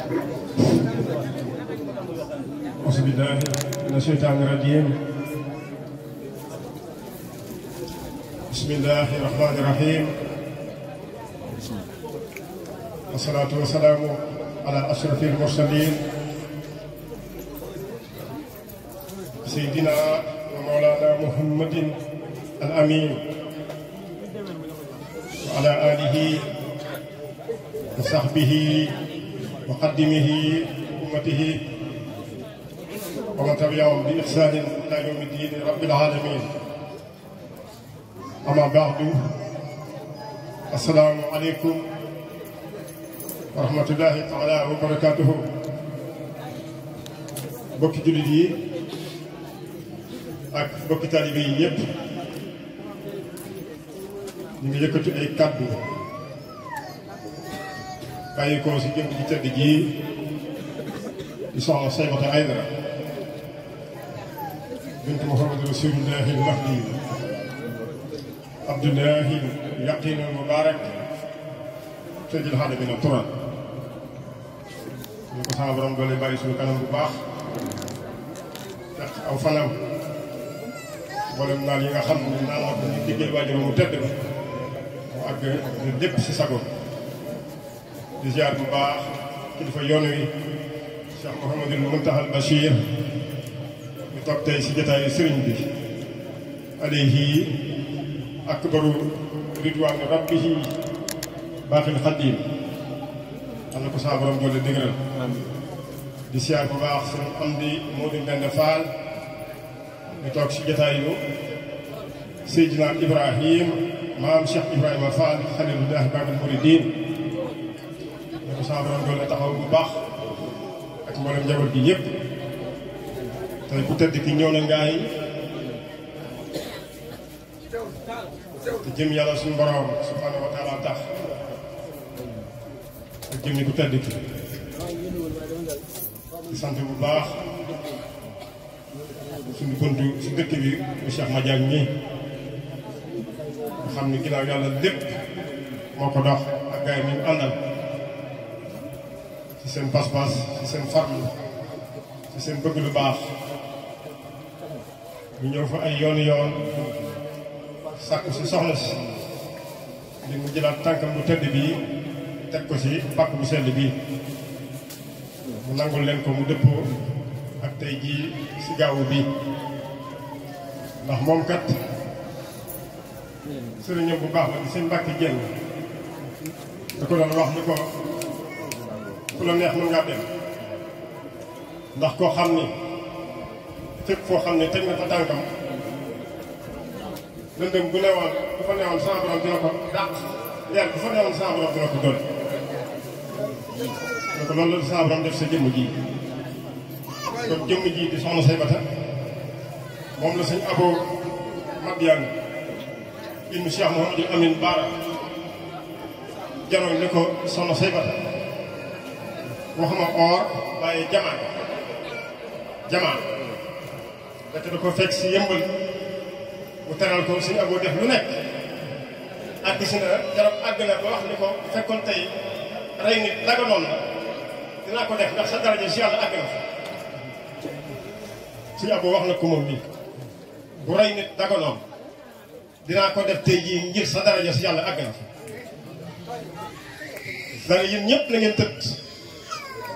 أعوذ بالله من الشيطان الرجيم بسم الله الرحمن الرحيم والصلاة والسلام على أشرف المرسلين سيدنا ومولانا محمد الأمين وعلى آله وصحبه وقدمه أمته ومن تبعهم بإحسان إلى يوم الدين رب العالمين أما بعد السلام عليكم ورحمة الله تعالى وبركاته بوكي جلدي أك بوكي bokki taalibe yi yépp ñu ngi yëkkati bàyyi ko si jëm ci tëdd jii di soxla Saybata Aydara bint Muhammad Rasulullahi al-Mahdi Abdullahi yaqin al-mubarak tëjël xaada bi na turan ñu ko sama borom doole bàyyi suñu kanam bu baax tax aw fanam mboolem naal yi nga xam ne naanaa ko ñu diggee waajuram mu tëdd ba mu àgg lépp si sagoon di ziar bu baax kilifa yoon wi Cheikh Mouhamadul Mountakha Bachir ñu toog tey si jotaayu sëriñ bi alayhi akbaru ridwaanu rabbihi baaxil xaddiim xam ko saa borom boole dëgëral di ziar bu baax suñu am di Modou Mbende Fall ñu toog si jotaayu Seydina Ibrahim maam Cheikh Ibrahima Fall xalilullah baabil muridin sama borom doon na taxaw bu baax ak mboolem njaboot gi yëpp tey ku tëdd ki ñëw na ngaay te jëm yàlla suñu borom subhanahu wa taala tax jëm ni ku ki di sant bu baax suñu bunt si dëkk bi bu Cheikh Madiagne ni dox ak ci seen pas-pas ci seen farlu ci seen bëgg lu baax ñu ñëw fa ay yoon yoon sàkku si soxla si li mu jëlaat tànkam bu tëdd bii teg ko si pàkk bu sell bii mu nangul leen ko mu dëppoo ak tey jii si gaawu bi ndax moom kat sëriñam bu baax la di seen mbàkki génn da ko doon wax ni ko la neex mën ngaa dem ndax koo xam ni fépp foo xam ne teg na fa tànkam lëndëm bu newoon bu fa newoon fa newoon sa borom ko doon donc loolu la sa def sa jëmm ji kon jëmm ji di soxna Saybata moom la sëñ Abo Madiane ibnu Cheikh Mouhamadou Amine Bara janoon ne ko soxna Saybata waxuma or waaye jamaan jamaan ndaxte da ko fekk si yëmbal mu teral ko suñu aboo def lu nekk àgg si na garab àgg na ba wax ni ko fekkoon tey rey nit dagaloon na dinaa ko def ndax sa daraja si yàlla àgg na fa suñu aboo wax na ko moom lii bu rey nit dagaloon dinaa ko def tey jii ngir sa daraja si yàlla àgg na fa danga yéen ñëpp na tëdd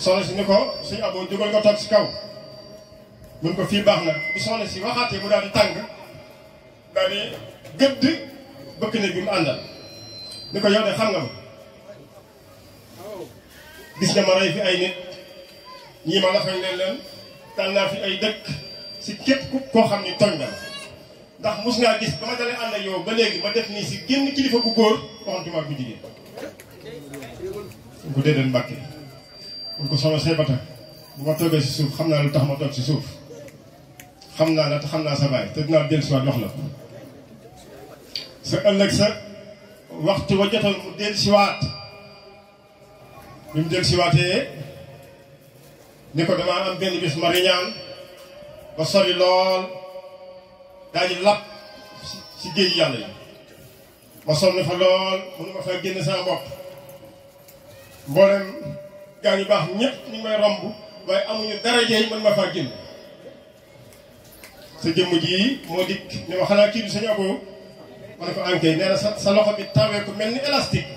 soxna si ni ko suñ aboo di nga toog si kaw mun ko fii baax na bi soxna si waxaatee mu daal di tàng daal di gëdd bëkk ne bi mu àndal ni ko yow de xam nga ma gis nga ma rey fi ay nit ñii ma la leen leen daan naa fi ay dëkk si képp ku koo xam ni tooñ na ndax mus ngaa gis ba ma dalee ànd ak ba léegi ma def nii si génn kilifa bu góor waxantuma ak bu jigéen bu dee mun ko soxla say bata bu ma toogee si suuf xam naa lu tax ma toog si suuf xam naa la te xam naa sa baay te dinaa dellu si waat wax la sa ëllëg sa waxtu wa jotal mu dellu si waat bi mu dellu si waatee ni ko damaa am benn bis ma riñaan ba sori lool daañu làpp si géej yàlla yi ma sonn fa lool mënu ma fa génn sama bopp mboolem gaa bax ñepp ñu ngi may romb waaye amuñu dara jey mën ma fa génn sa jëm ji mo dik ni wax xanaa ci bi sañ aboo ma ne ko ankay nee sa loxo bi tawé ko melni élastique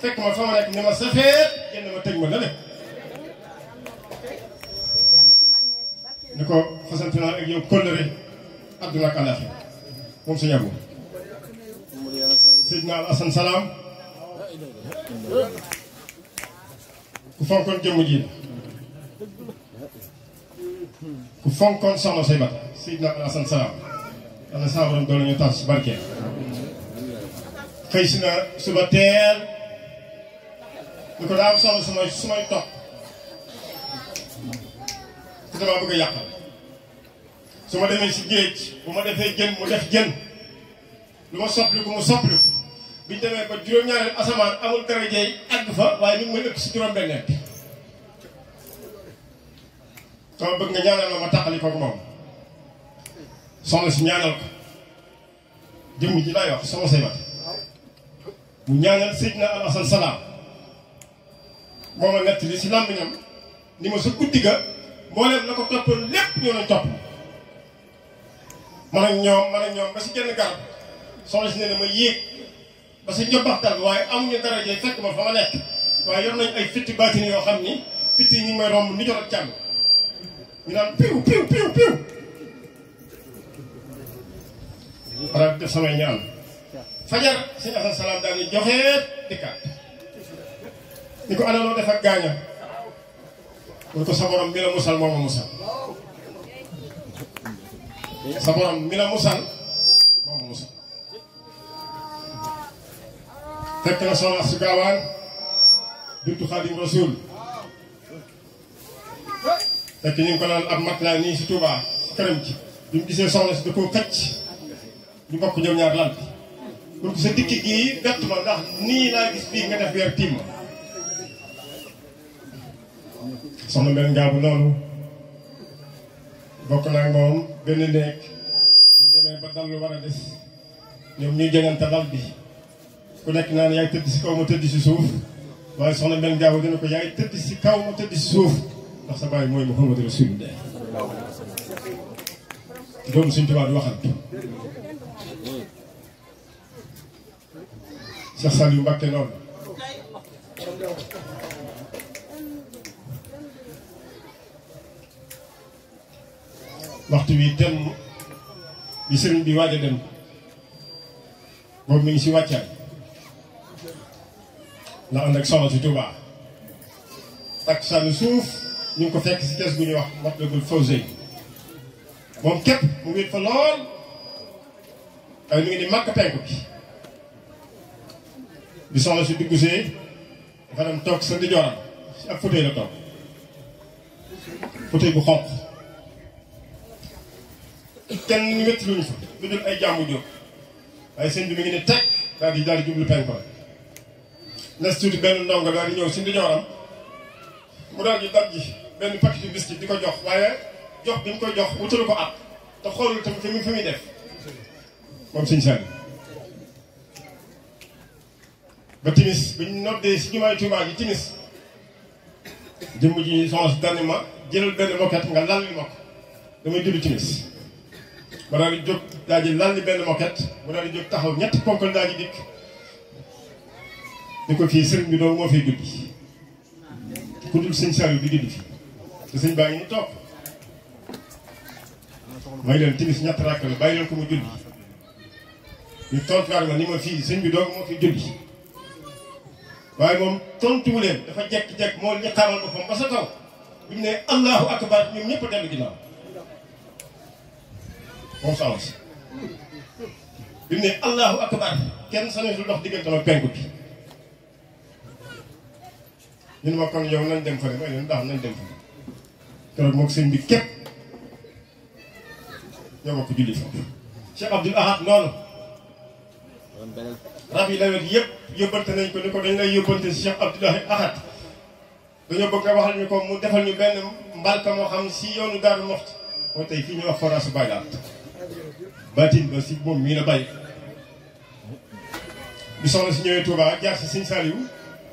fekk ma fama rek ni ma sa safeet génn ma tëj ma la nekk ni ak yow kóllëre àdduna ak àllaaxira moom sañ Sidna sëñ naa ku fonkoon jëmm ji la ku fonkoon soxna say bata Seydina Alassane Salam ana sa borom doon ñu tax si xëy si na suba teel lu ko daaw soxla sumay sumay topp te damaa bëgg a yàqal su ma demee si géej bu ma defee jën mu def jën lu ma soppli ko mu soppli bi demee ba juróom-ñaareel asamaan amul daraja yi àgg fa waaye ñu ngi may ëpp si juróom bëgg nga ñaanal ma ko ñaanal ko ji wax sama mu ñaanal Al Salam moo ma nett li si làmmiñam ni ma sa guddi ga mbooleem la ko toppoon lépp ñoo lañ topp man ak man ak ba genn garab ne ma yéeg parce que njobbaxtal waaye amuñu dara jey fekk ma fa ma nekk yor nañ ay fitti baatin yoo xam fitti ñu may romb ni jot ak ñu naan piw piw piw piw xanaa def samay ñaan fajar sëñ asan salaam daal ni ni ko def ak ko sa borom la musal mooma musal sa borom la musal fekk na soxna su gaawaan bintu xaadim rasul fekk ñu ngi ko naan ab mat laa nii si Touba si këram ci bi mu gisee soxna si da koo këcc ñu bokk ñoom ñaar lal bi mun ko sa dikki gii bett ma ndax nii laa gis bii nga def weer tiim soxna mel ngaabu loolu bokk naa moom benn néeg dañ demee ba dal lu war a des ñoom ñuy jëngante dal bi ku nekk naan yaa ngi tëdd si kaw ma tëdd si suuf waaye soxna Mbène Diaw dina ko yaa tëdd si kaw ma tëdd si suuf ndax sa bàyyi mooy Muhammad Rasulullah loolu suñ tubaab di waxal. Cheikh Saliou Mbacké noonu waxtu wi dem bi sëriñ bi waaj a dem boobu mi ngi si wàccaay. la ànd ak soxna si Touba takkusaanu suuf ñu ngi ko fekk si kees gu ñuy wax Matlabul Fawzayni moom képp mu wéet fa lool ay ñu ngi di màkk penku bi bi soxna si dugg see dafa dem toog sa ndijooram si ak fauteuil la toog fauteuil bu xonq kenn wéttiluñu fa lu dul ay jàmbu jóg waaye sëñ bi mi ngi teg daal di daal di penku la nes tuuti benn ndongo daal di ñëw si ndijooram mu daal di daj ji benn paquet biscuit di ko jox waaye jox bi mu koy jox wutalu ko at te xoolul tam fi mu fi muy def moom suñu seen ba timis bu ñu noddee si jumaay Tuubaa ji timis jëmm ji soxna si dani jëlal benn moket nga lalli ma ko damay julli timis ma daal di jóg daal di lalli benn moket mu daal di jóg taxaw ñetti ponkal daal di dikk ni ko fii sëriñ bi doo moo fee judd ku dul sëñ Saliou bi judd te sëñ baa ngi ñu topp may leen timis ñett rakk la bàyyi leen ko mu julli ñu tontuwaat ma ni ma fii sëñ bi doo moo fi julli waaye moom tontuwu leen dafa jekk-jekk moo ñu xaaral ko fa ba sa taw bi mu ne allahu akbar ñoom ñëpp a dellu ginnaaw moom sa bi mu ne allahu akbar kenn sañatul dox diggante ma penku bi ñun ma kon yow nañ dem fële ba ñun daal nañ dem fële keroog moom sëñ bi képp ñoo bokk julli foofu Cheikh Abdoul Ahad noonu rab yi nawet yëpp yóbbante nañ ko ni ko dañ lay yóbbante si Cheikh dañoo bëgg nga waxal ñu ko mu defal ñu benn mbalka moo xam si yoonu Daaru Muxti moo tey fii ñu wax forage Baye Laat baatin ba si moom mii la bàyyi bi soxna si ñëwee Touba jaar si Sëñ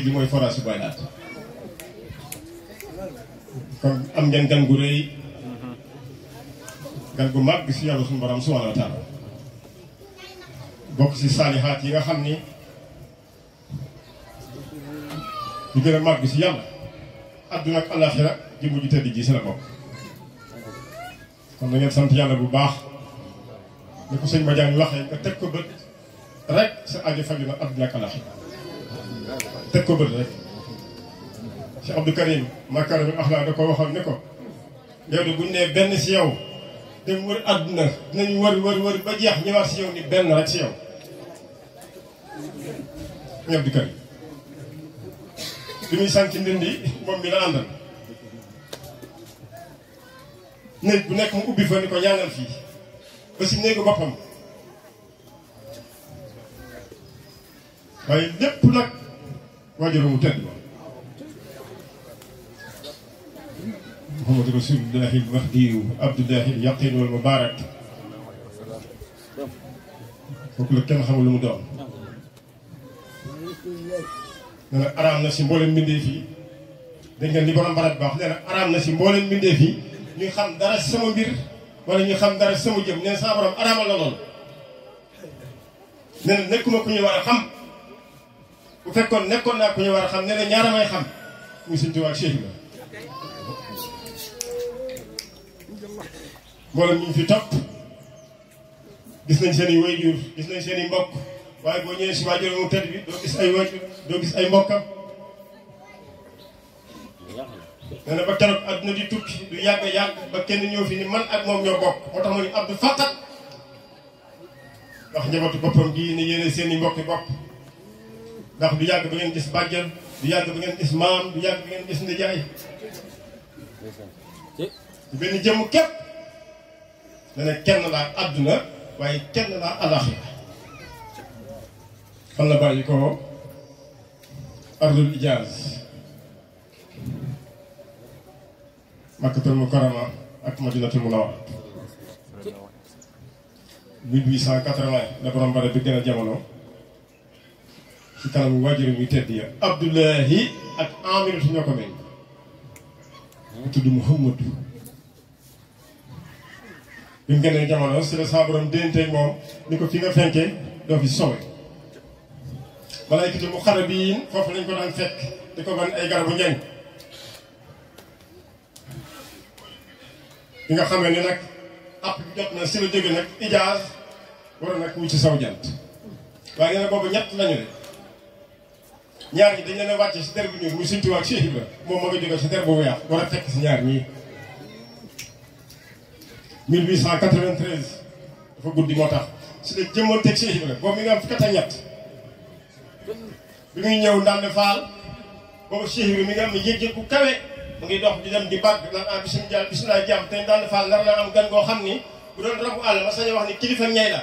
tey moy forage boy nat kon am ngeen gan gu reey gan gu mag ci yalla sun borom subhanahu wa taala bok ci salihat yi nga xamni di gëna mag ci yalla si yàlla àdduna ak alaxira ji mujj tëdd ji si la bokk kon na ngeen sant yalla bu baax ni ko sëñ Madiagne waxe ko tek ko bët rek sa aajo faju na àdduna ak alaxira teg ko bët rek Cheikh Abdou Karim makarimul axlaa da ko waxoon ne ko yow de bu ñu nee benn si yow dem wër àdduna dinañ wër wër wër ba jeex ñëwaat si yow ni benn rek si yow Cheikh Abdou bi muy sànc ndindi moom mi la àndal néeg bu nekk mu ubbi fa ni ko ñaanal fii ba si néegu boppam waaye lépp nag واجب المتدبر محمد رسول الله المهدي وعبد الله اليقين والمبارك وكل كان خام لو مدام انا ارام نا سي مبولم ميندي في دنج لي بروم بارات باخ انا ارام نا سي مبولم ميندي في ني خام دارا سما مبير ولا ني خام دارا سما جيم ني سا بروم ارام لا لول نين نيكوما كو ني وارا خام bu fekkoon nekkoon naa ku ñu war a xam ne ne ñaara may xam ñu fi topp nañ seen i waajur gis nañ seen i mbokk waaye boo ñëwee si gis ay waajur gis ay mbokkam nee àdduna di tukki du yàgg yàgg ba kenn ñëw fi moom ñoo bokk moo tax ma ni Abdou faqat wax njabootu boppam gii ni yéene seen i mbokki bopp ndax du yàgg ba ngeen gis bàjjal du yàgg ba ngeen gis maam du yàgg ba ngeen gis ndijaay ci benn jëmm képp dana kenn laa àdduna waaye kenn laa alaxira fan la bàyyi ko ardul ijaz makkatul mukarrama ak madinatul munawwara 1880 la borom bare bi gën a jamono ci kanamu waajuram yu tedd ya Abdullahi ak Amiratu ñoo ko meññ mu tudd Muhammadu bi mu gënee jamono si la saa borom moom ni ko fi nga fenke doo fi sowe malaykatu mu xare bi foofu lañ ko daan fekk di ko ban ay garabu njëng bi nga xamee ni nag app bi jot na si la jóge nag ijaas war a nag wu ci saw jant waaye nee na boobu ñett lañu de ñaar yi dañ leen a wàcce si der bu ñuul mu sintuwaa ak Cheikh Ibra moom ma nga si der bu weex war a fekk si ñaar ñii dafa guddi moo tax si la jëmoon teg Cheikh boobu mi nga am fukki at ñett bi muy ñëw ndànd faal boobu Cheikh Ibra mi nga am yëg-yëg bu kawe mu ngi dox di dem di bàgg naan ah faal nar la am gan goo xam ni bu doon rabu àll ma sañ a wax ni kilifa ñay la.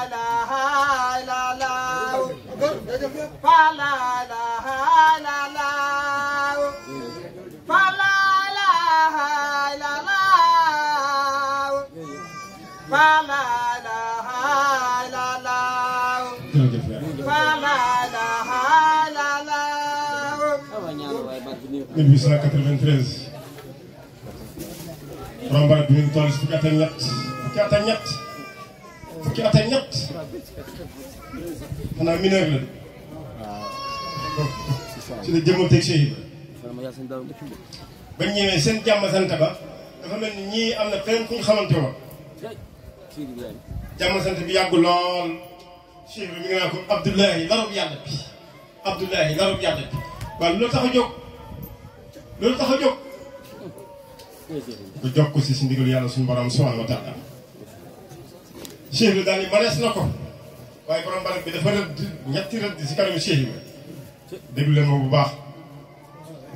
1893 rambaat bi mu ngi toll fukki at ak ñett fukki at ak ñett fukki at ak ñett xanaa mineur la ci la jëmmanteeg Cheikh Ibra ba ñëwee seen jàmm sant ba dafa mel ñii am na fenn fu ñu xamante woon jàmm sant bi yàggu lool Cheikh Ibra mi ngi naan ko Abdoulaye larub yàlla bi Abdoulaye larub yàlla bi waaw loolu tax a jóg loolu tax a jóg jox ko si si ndigal yàlla suñu borom subhanahu wa taala Cheikh Ibra daal ni manees na ko waaye borom barab bi dafa rëdd ñetti rëdd si kanamu Cheikh Ibra déglu leen bu baax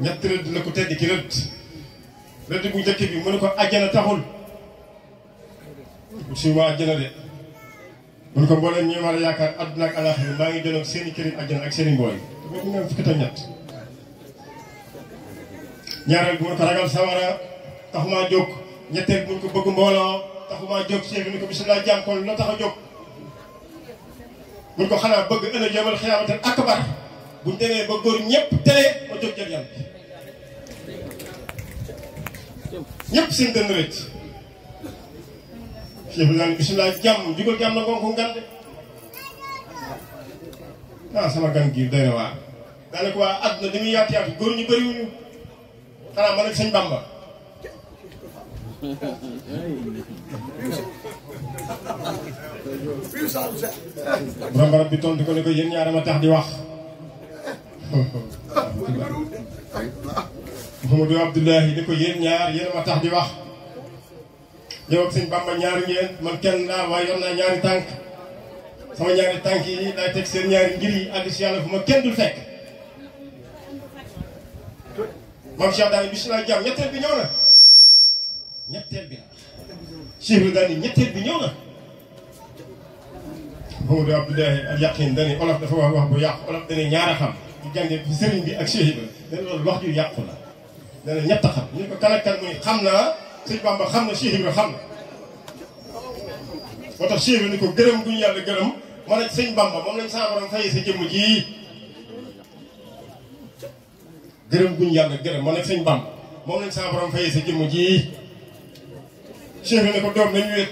ñett rëdd la ko tedd ki rëdd rëdd bu njëkk bi mu ko àjjana taxul suñu waa àjjana de mu ko mbooleem ñi ma la yaakaar àdduna ak alaaxira maa ngi jëloon seen i këriñ àjjana ak seeni i mbooy te ñu naan fukki tam ñett ko ragal sawara taxumaa jóg ñetteel bu ko bëgg mbooloo taxumaa jóg seeg ni ko bisimilah jànkoon la tax a jóg mu ko xanaa bëgg ëllëg yawmal xiyaamatal akbar bu ñu ba góor ñëpp télé ma jóg jag yàlla ñëpp seen jàmm jugal jàmm na ko ko ngan de ah sama gan gi doy na waar daanaka waa àdduna dañuy yaatu yaatu góor ñu bëriwuñu xanaa man ak sëñ Bamba borom barab bi tontu ko ko yéen ñaar ma tax di wax Mouhamadou Abdoulahi ni ko yéen ñaar yéen ma tax di wax yow ak sëñ Bamba ñaari ngeen man kenn laa waaye yor naa ñaari tànk sama ñaari tànk yi laay teg seen ñaari ngir yi àgg fu ma kenn dul fekk moom Cheikh Daani bisimilah jàmm ñetteel bi ñëw bi Cheikh Daani ñetteel bi ñëw na Mouhamadou dani olof dafa wax wax bu yàqu olof dani ñaara xam di jàngee bi ak Cheikh Ibrahima dana loolu wax ju yàqu la dana ñett xam ñu ko kanakkan muy xam naa sëñ Bamba xam na Cheikh Ibrahima xam na moo tax Cheikh ni ko gërëm gu yàlla gërëm moo nag sëñ Bamba moom lañ saa borom fayee sa jëmm ji gërëm yàlla gërëm moo sëñ Bamba moom lañ saa borom fayee sa jëmm ji Cheikh ne ko doom nañu wét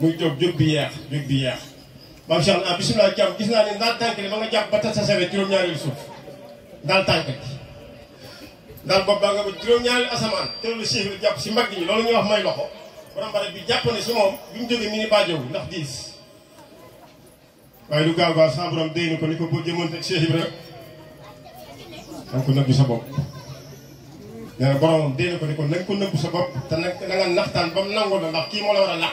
muy doom jóg bi yeex jóg bi yeex macha allah bisimilah jam gis naa ne ndaal tànk li ba nga jàpp ba tas sa sawet juróom-ñaareelu suuf ndaal tànk li ndaal bopp baa nga ba juróom-ñaareelu asamaan te loolu siif la jàpp si mbagg ñi loolu ñuy wax may orang borom barab bi jàpp ne si moom bi mu jógee mi ni baajow ndax diis waaye lu gaaw gaaw sa borom déy na ni ko boo jëmoon teg Cheikh Ibra danga ko nëbbu sa bopp nee na boromam ni ko na nga ko nëbbu sa bopp te nag na nga naxtaan ba mu nangoo la a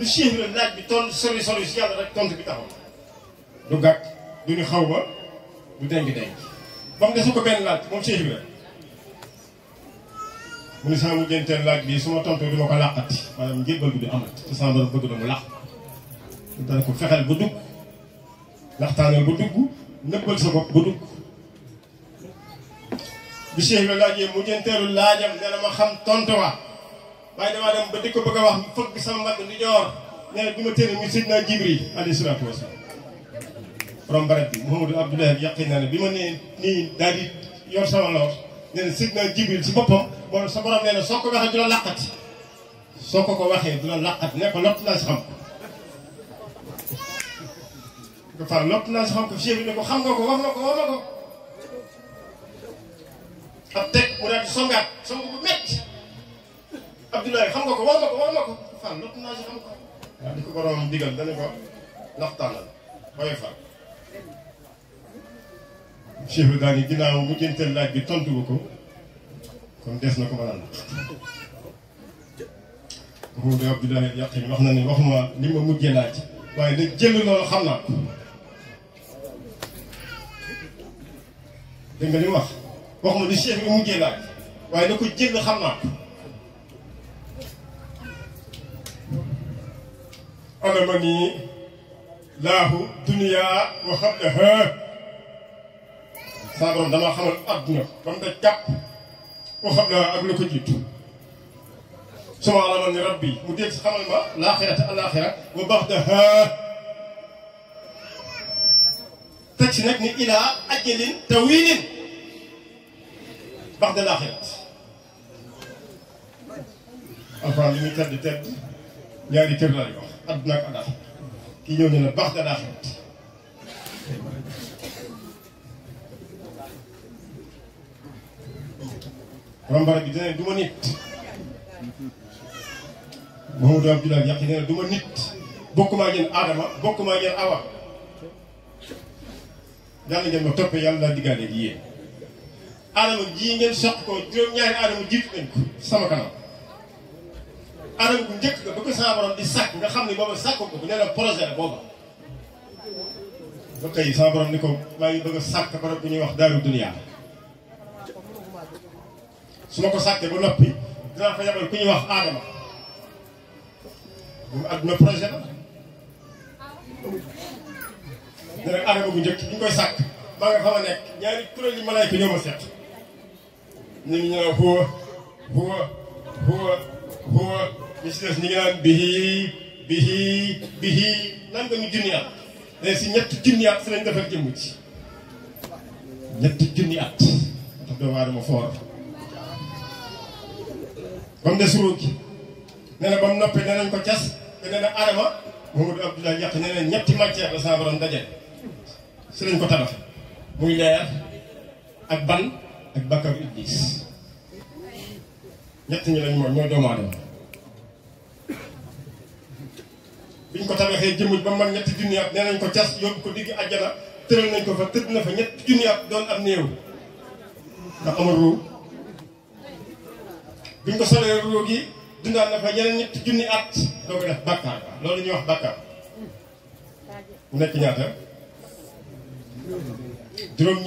lu Cheikh laaj bi ton sori sori si yàlla rek tontu bi taxaw du gàtt du ñu xaw ma du denc-denc ba mu desu ko benn laaj moom Cheikh mu ne laaj bi su ma tontoo duma ko làqati maanaam mu làq laajam dana ma xam tontu waaye damaa dem ba di ko bëgg a wax fëgg sama mbagg na bi ma na Seydina Jibril na ko waxee du la ko ko waxee ko xam ko ko wax na ko wax na ko ab teg mu daal di songaat bu métti Abdoulaye xam nga ko wax nga ko wax nga ko fan natt naa si xam ko waaw di ko borom digal dañu ko naxtaanal booy far Cheikh bi daal ni ginnaaw mu jënteel laaj bi tontu ko kon des na ko mën a natt boobu de Abdoulaye yàqin mujjee laaj waaye nag jël loolu xam naa ko dégg nga li wax waxuma li Cheikh bi mujjee laaj waaye na ko jël xam naa ko أنا مني لاهو دنيا وخبرها صابر دما خمر أدنى فم تجاب وخبرها أقول لك جيت سوى على من ربي مديك خمر ما الآخرة الآخرة وبعدها تجنبني إلى أجل طويل بعد الآخرة أفعل من تبدي تبدي يعني تبدي adduna ak alax ñëw ne la baax nga laaxira nit Mamadou dina ne du nit bokkuma ak yéen Adama bokkuma ak yéen Awa yàlla ngeen ma toppee yàlla laa diggaale gi yéen Adama jii ngeen soq ko ñaari Adama jiitu sama kanam alal bu njëkk nga ba ko sama di sàkk nga xam ne booba sàkk ko bu ne projet la booba ba ni ko maa ngi bëgg a sàkk barab ñuy wax daaru duniyaa su ma ko sàkkee ba noppi dinaa fa yabal ku ñuy wax aadama bu adduna projet la dina aadama bu njëkk bi koy sàkk maa nga fa ma nekk ñaari kuréel ma seet ñu ngi ñëw huwa huwa huwa ñu si des ñu ngi naan bihi bihi bihi nan nga mu junni at mais si ñetti junni at si lañ defar jëmm ci ñetti junni at ndax doomu aadama foor ba mu des ruuj gi nee na ba mu noppee nee nañ ko cas te nee na aadama Mamadou Abdoulaye Ndiakhate nee na ñetti matière la saa borom daje si lañ ko tabax muy leer ak ban ak bakkaru iblis ñett ñi lañ mooy mooy doomu aadama biñ ko tabaxee jëmuj ba man ñetti junni at nee nañ ko cas yóbbu ko digg àjjana tëral nañ ko fa tëdd na fa ñetti junni at doon am néew ko solee ruu gi dundaan na fa yeneen ñetti ñuy wax bàkkaar mu nekk ñaata juróom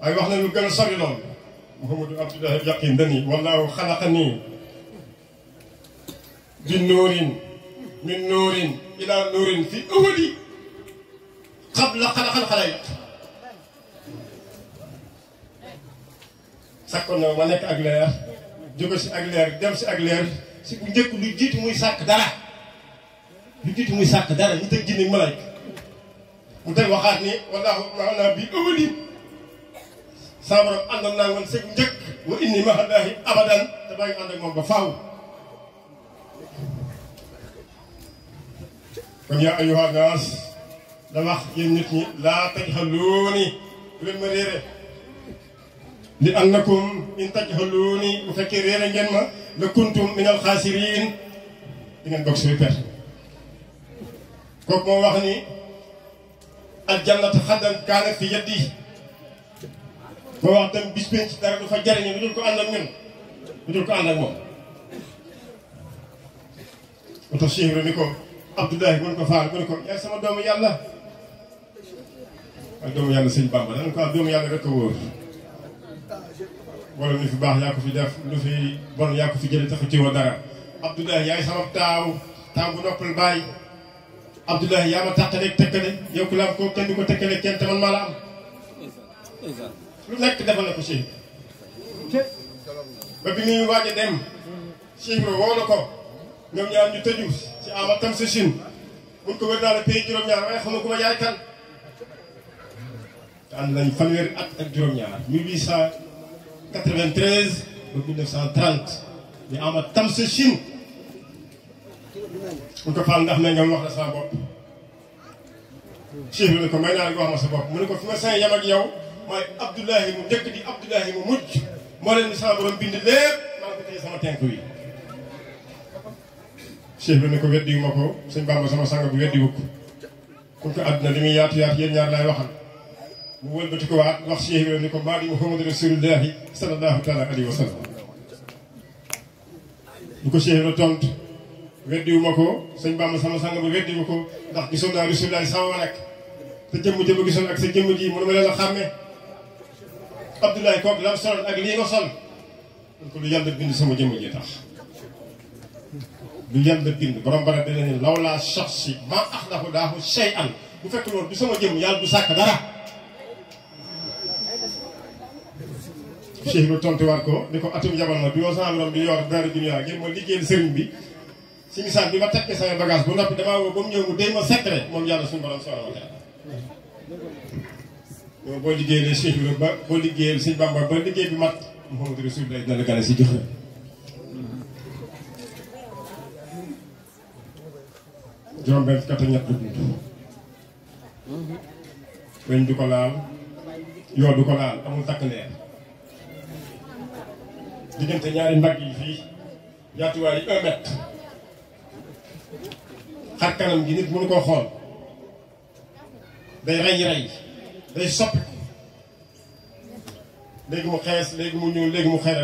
waaye wax na lu gën a sori loolu Mouhamadou Abdoulaye Yaqin dani wallaahu xalaqa nii bi noorin min nuurin ila nuurin fi awali qabla xalaxal sakkoon na ma nekk ak leer jóge si ak leer dem si ak leer si bu njëkk lu jiitu muy sàkk dara lu jiitu muy sàkk dara ñu teg jinne malayka mu tey waxaat ni wallaahu maanaa bi awali saa borom naa man si bu njëkk wa inni mahallaahi abadan te maa ngi ànd moom ba faaw kon yaa ayyuha naas la wax yéen nit ñi laa tajhaluuni bu leen ma réere li annakum in tajhaluuni bu fekkee réere ngeen ma la kuntum min al xaasiriin di ngeen bokk moo wax ni al xaddan kaanat fi yaddi moo wax tam bis penc du fa jariñu lu dul ko ànd ak ñun lu dul ko ànd ak moom moo tax Cheikh ni ko Abdoulaye mën ko faal mën ko yaay sama doomu yàlla ak doomu yàlla sëñ Bamba danañ ko am doomu yàlla rek a wóor wala fi baax yaa ko fi def lu fi bon yaa ko fi jëlee taxu ci woo dara Abdoulaye yaay sama taaw taaw bu noppal bàyyi Abdoulaye yaa ma tàqaleeg tekkale yow ku la am kenn du ko tekkale kenn te maa la am lu nekk defal na ko si ba bi muy waaj dem si woo na ko ñoom ñaar ñu tëju ci ama tam sa Chine buñ ko wér daal a pay juróom-ñaar waaye xam nga ku ma yaay kan te ànd nañ fanweeri at ak juróom-ñaar 1893 ba 1930 ñu ama tam sa Chine buñ ko faal ndax ne nga wax la sa bopp Cheikh bi ne ko may naa la wax ma sa bopp mu ne ko fi ma seen yam ak yow mooy Abdoulahi mu njëkk di Abdoulahi mu mujj moo leen sama borom bind lépp maa ngi ko téye sama tenk wi cheikh bi ne ko weddi ma ko sëñ Bamba sama sanga bu weddi ko àdduna li muy yaatu yaatu yéen ñaar ko waat wax ma sama sanga bu weddi ko ndax gisoon naa Rasulullahi sama ma te jëmm jëmm gisoon ak sa jëmm ji mënu ma leen a xàmme Abdoulaye kooku lam sol ak lii nga sol ko lu yàlla bind sama jëmm ji tax du yàlla bind borom bara dana ne law laa shaxsi maa axlaxu daahu shay an bu fekk loolu du sama jëm yàlla du sàkk dara Cheikh lu tontuwaat ko ni ko atum yabal ma du bi si misaal ma tekkee moom yàlla suñu borom soxla boo ba liggéey bi mat Mouhamadou Rasul dina la gane si jox juróom benn fukk ak ñett du du ko laal yoo du ko laal amul takk leer diggante ñaari mbagg yi fii yaatuwaay yi un mètre xar kanam gi nit mënu koo xool day day mu mu mu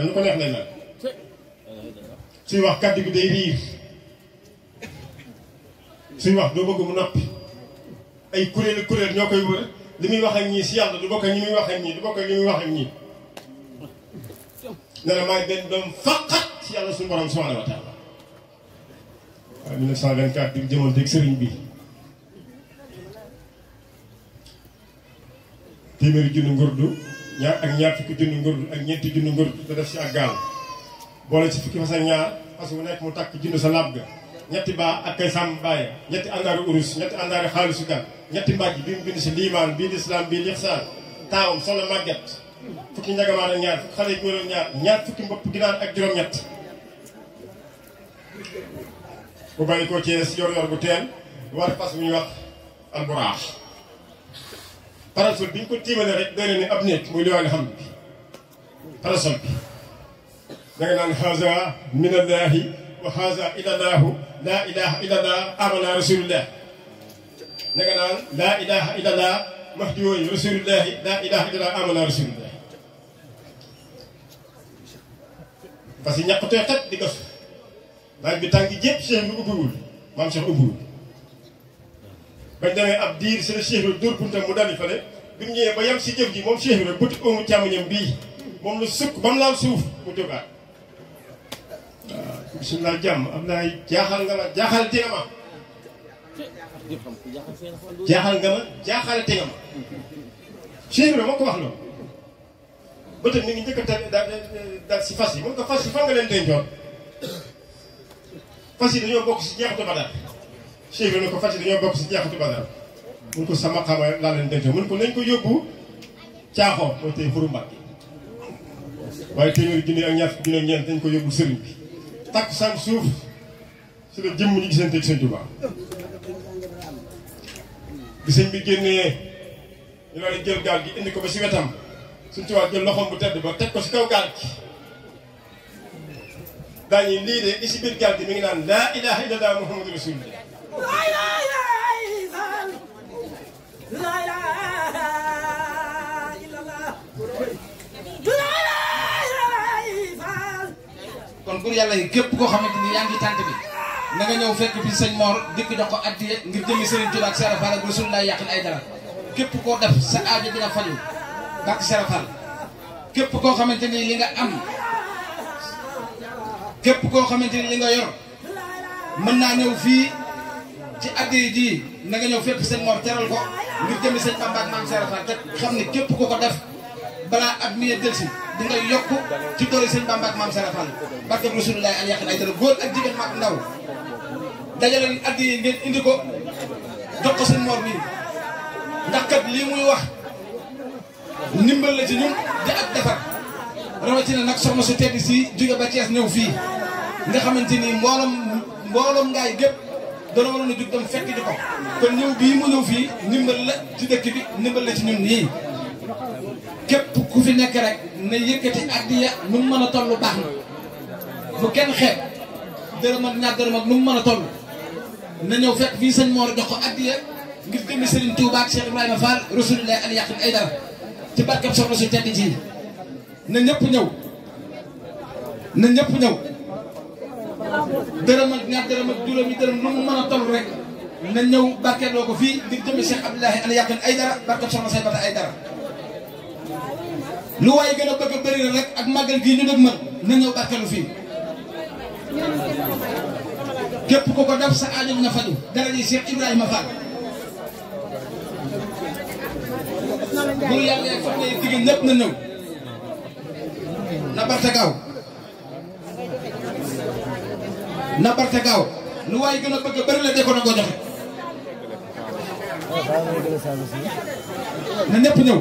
lu ko neex lay mel suy wax day suñ wax do bëgg mu nopi ay kuréel kuréel ñokay wër limi wax ak ñi ci yalla du bokk ak ñi muy wax ak ñi du bokk ak ñi muy wax ak ñi dara may ben dom faqat ci yalla suñu borom subhanahu wa taala waaw 1924 bi jëmon tek sëriñ bi téeméeri junni ngurdu ñaar ak ñaar fukki junni ngurdu ak ñetti junni ngurdu da def ci agal gaal boole si fukki fas sa ñaar fas wu nek mu tak junni sa labga ñetti baa ak kay sàmm bàyyi ñetti àndaari urus ñetti àndaari xaalisu gan ñetti mbàjj bi mu bind si liimaan bii lislaam bii lixsaan taawam solo màgget fukki njagamaan ak ñaar fukki xale mbopp ginaar ak juróom-ñett bu bàyyi ko Cees yor yor bu teel war fas bu ñuy wax alburaax parasol bi ñu ko tiimale rek doy na ni ab néeg muy liwaani xam bi parasol bi da nga naan haza wa haza illallahu laa ilaha illallah amana rasulullah na naan laa ilaha illallah mahdi yooyu laa ilaha illallah amana rasulullah parce que ñàkkutee xet di gas naaj bi tànk jépp cheikh bi ubbiwul maam cheikh ubbiwul bañ demee ab diir seen cheikh bi dóor mu dal di fale bi mu ñëwee ba yem si jëf ji moom cheikh bi rek bëti oomu bii moom la sukk ba mu laal suuf mu jógaat bisimilah jàmm am naa jaaxal nga ma jaaxal te nga ma jaaxal nga ma jaaxal te nga ma Cheikh ko wax loolu ba tey mi a dañoo bokk si jeexatu badar Cheikh ko fas yi dañoo bokk si jeexatu badar mun ko sama xama laa leen dencoon mun ko nañ ko yóbbu caaxoo mooy tey xuru mbàkk waaye téeméeri junni ak ñaar junni ñeent dañ ko yóbbu sëriñ bi takk san suuf si la jëmm ñu gisante ak sëñ Tuubaa bi sëñ bi génnee ñu la jël gaal gi indi ko ba si wetam sëñ Tuubaa jël loxoom bu tedd ba teg ko si kaw gaal gi daañu lii de li si biir gaal gi mi ngi naan laa ilaha illallah muhammadu rasulullah góor yàlla yi képp koo xamante ni yaa ngi tànt bi na nga ñëw fekk bi sëñ Mor dikk jox ko addiya ngir jëmi Serigne Touba ak Serigne Fall ak Rasulullah yàqin ay dara képp koo def sa aajo dina faju bàkk Serigne Fall képp koo xamante ni li nga am képp koo xamante ni li nga yor mën naa ñëw fii ci addiya ji na nga ñëw fekk sëñ Mor teral ko ngir jëmi sëñ Bamba ak maam Serigne Fall te xam ne képp koo ko def balaa at mi yëg delsi di nga yokk ci doole sëñ Bamba ak maam Sara Fall barke Rasulullaay al yaqin ay dara góor ak jigéen mag ndaw dajale addi yi ngeen indi ko jox ko sëñ Mor bii ndax kat lii muy wax ndimbal la ci ñun di ak defar rawatina nag soxna su tedd si jóge ba Thiès ñëw fii nga xamante ni mbooloom mbooloom ngaay gépp dana waroon a jug dem fekk di ko kon ñëw bii mu ñëw fii ndimbal la ci dëkk bi ndimbal la ci ñun nii كيف كوفينا كرك نيكتي أديا نمّا نطلو بحنا بكن خير درمك نادرمك نمّا نطلو ننو فك في سن مورجكو أديا قلت مسلم توباك شيخ إبراهيم فار رسول الله عليه يحكم أيضا تبارك الله رسول تاني جي ننيب نيو ننيب نيو درمك نادرمك دولمي درم نمّا نطلو رك من يوم بكر لوكو قلت مسلم الله عليه يحكم أيضا بكر الله رسول تاني lu way gëna bëgg bari na la rek ak magal gi ñu nak man na ñëw bakkanu fi képp ku ko def sa aaju na fa ñu dara ji Cheikh Ibrahima Fall bu yàlla yi fa yi jigéen ñëpp na ñëw na barte gaaw na barte gaaw lu way gëna bëgg bari la déko na ko joxe na ñëpp ñëw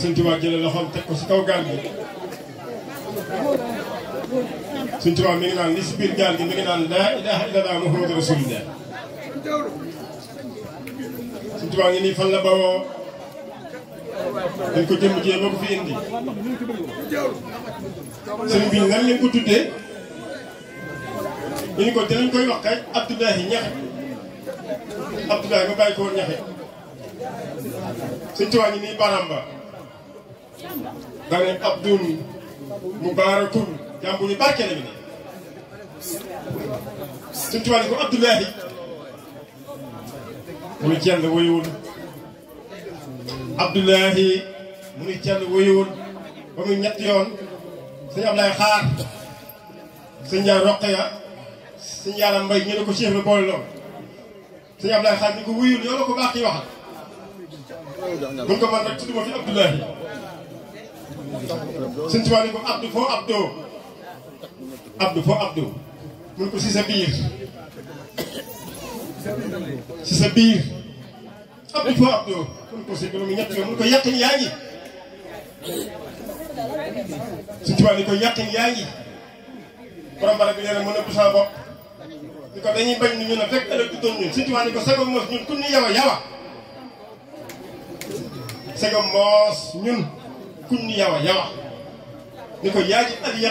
Sëñ Tuubaa jëlee loxoom teg ko si kaw gaal gi. Sëñ Tuubaa mi ngi naan si biir gaal gi mi ngi naan laa ilaaha illallaah Muhammadu Rasuulullaah. Sëñ Tuubaa ngi nii fan la bawoo. dañ ko jëm jee ba fi indi. sëñ bi nan lañ ko tuddee. ñu ni ko dinañ koy wax kay Abdoulahi ñaxe bàyyi ko woon Sëñ Tuubaa ñu nii baramba dane abdun mubarakun jàmm bu ñu barke la ñu ne ni ko Abdoulahi mu ni kenn woyul Abdoulahi mu ni ba muy ñett yoon sëñ Ablaye xaar sëñ Ndiaye Roqeya sëñ Mbay ñu ne ko chef bi boole lool sëñ Ablaye xaar ñu ko wuyul yow la ko baax yi waxal buñ ko mën rek tudd ma fi Abdoulahi sëñ Tuubaa ni ko Abdou foo Abdou Abdou foo Abdou mun ko si sa biir si sa biir Abdou foo Abdou mun ko si gën a mun ko yàqin yaa ngi sëñ Tuubaa ko yàqin yaa ngi borom barab bi nee na mën a busaa bopp ni ko dañuy bañ ni ñu ne fekk ëllëg du doon ñun sëñ Tuubaa ni ko sago mos ni yawa yawa sega moos ñun kuñ yawa yawa ni ko yaa ji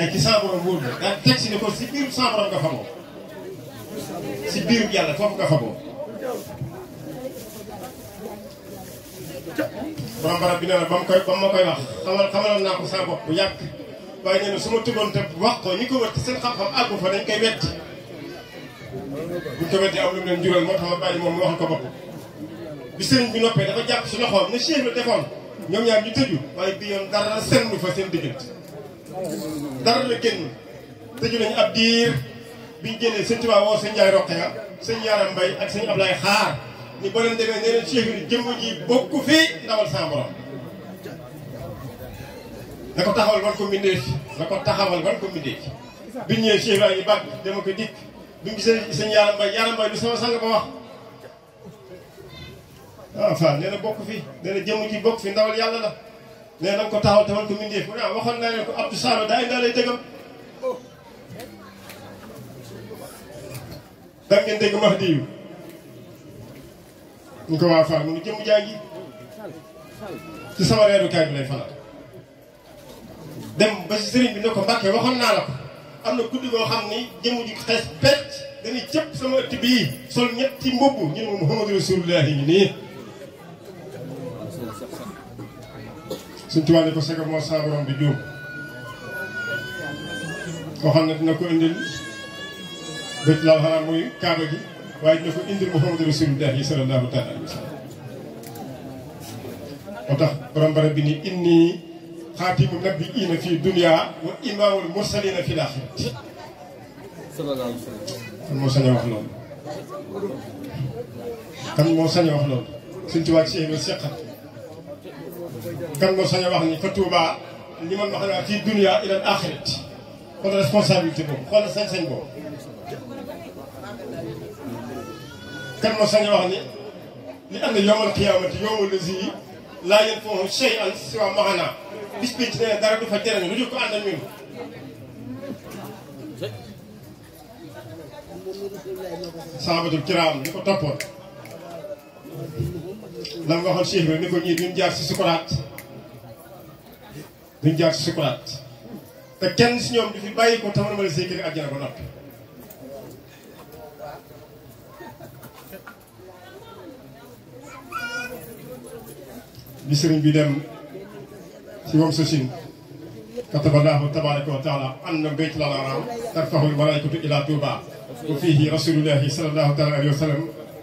al ci saa borom wóor daal teg si ne ko si biir saa borom nga fagoo si biir yàlla foofu nga fagoo. borom barab bi nee na ba mu koy ba ma koy wax xamal xamaloon naa ko saa bopp bu yàgg waaye su ma tëboon te wax ko ñi ko wër seen dañ koy wetti ko wetti am moom mu ko bopp. bi sëriñ bi noppee dafa jàpp si loxoom ne Cheikh la defoon ñoom ñaar ñu tëju waaye bi yoon dara sennu fa seen diggante dara la génn tëju nañu ab diir biñ génnee sëñ Tuubaa woo sëñ Njaay Roqeya sëñ Yaaram Mbay ak sëñ Ablaay Xaar ñu ba doon demee nee leen Cheikh ji bokku fii ndawal sa borom na ko taxawal wan ko mbindee fi na ko taxawal wan ko mbindee fi bi ñu bàgg dama ko dikk biñ gisee sëñ Yaaram Mbay Yaaram Mbay lu sama sang ba wax enfin ah, nee na bokk fi nee na jëmm ji bokk fi ndawal yàlla la nee na ko ko mindee fu ah, ko ndaa lay dëggam da ngeen dégg Mahdi yu ñu ko waa Fall mu ngi jëmm ci sama reerukaay waxoon naa la ko am na guddi goo xam ni jëmm ji xees pecc dañuy cëpp sama ëtt bii sol ñetti mbubb ñu ne Muhammadu Rasulullahi nii suñ tubaab ne ko sega moo saa borom bi juum waxal na dina ko indil bët laa xanaa muy kaaba gi waaye dina ko indil Muhammadu Rasulullahi sallallahu taala alayhi wa sallam moo tax borom barab bi nii inni xaatimu nabiyyiina fii dunya wa imaamul mursaliina fil aaxirati kan moo wax loolu kan moo sañ wax loolu suñ tubaab si yéen a seqal kan moo sañ a wax ni fa Touba li man wax naa fii dunia ila axirat kon responsabilité boobu xoolal sañ-sañ boobu. kan moo sañ a wax ni li am na yowmal qiyaamati yowmal lazi laa yanfa'u shay'un siwa maanaa bis bi ci nee dara du fa jëriñ lu ñu ko ànd ak ñun. sahabatul kiraam ñu ko toppoon. lan nga waxoon Cheikh Ibrahima ni ko ñii duñ jaar si sukuraat duñ jaar si sukuraat te kenn si ñoom du fi bàyyi ko tamar mala see kër àjjana ba noppi bi sëriñ bi dem ci wam sa sin kataballahu tabaraka wa taala an na mbéyt lalaram tarfahul malaykatu ila touba wa fihi rasulullahi sallallahu taala alayhi wa sallam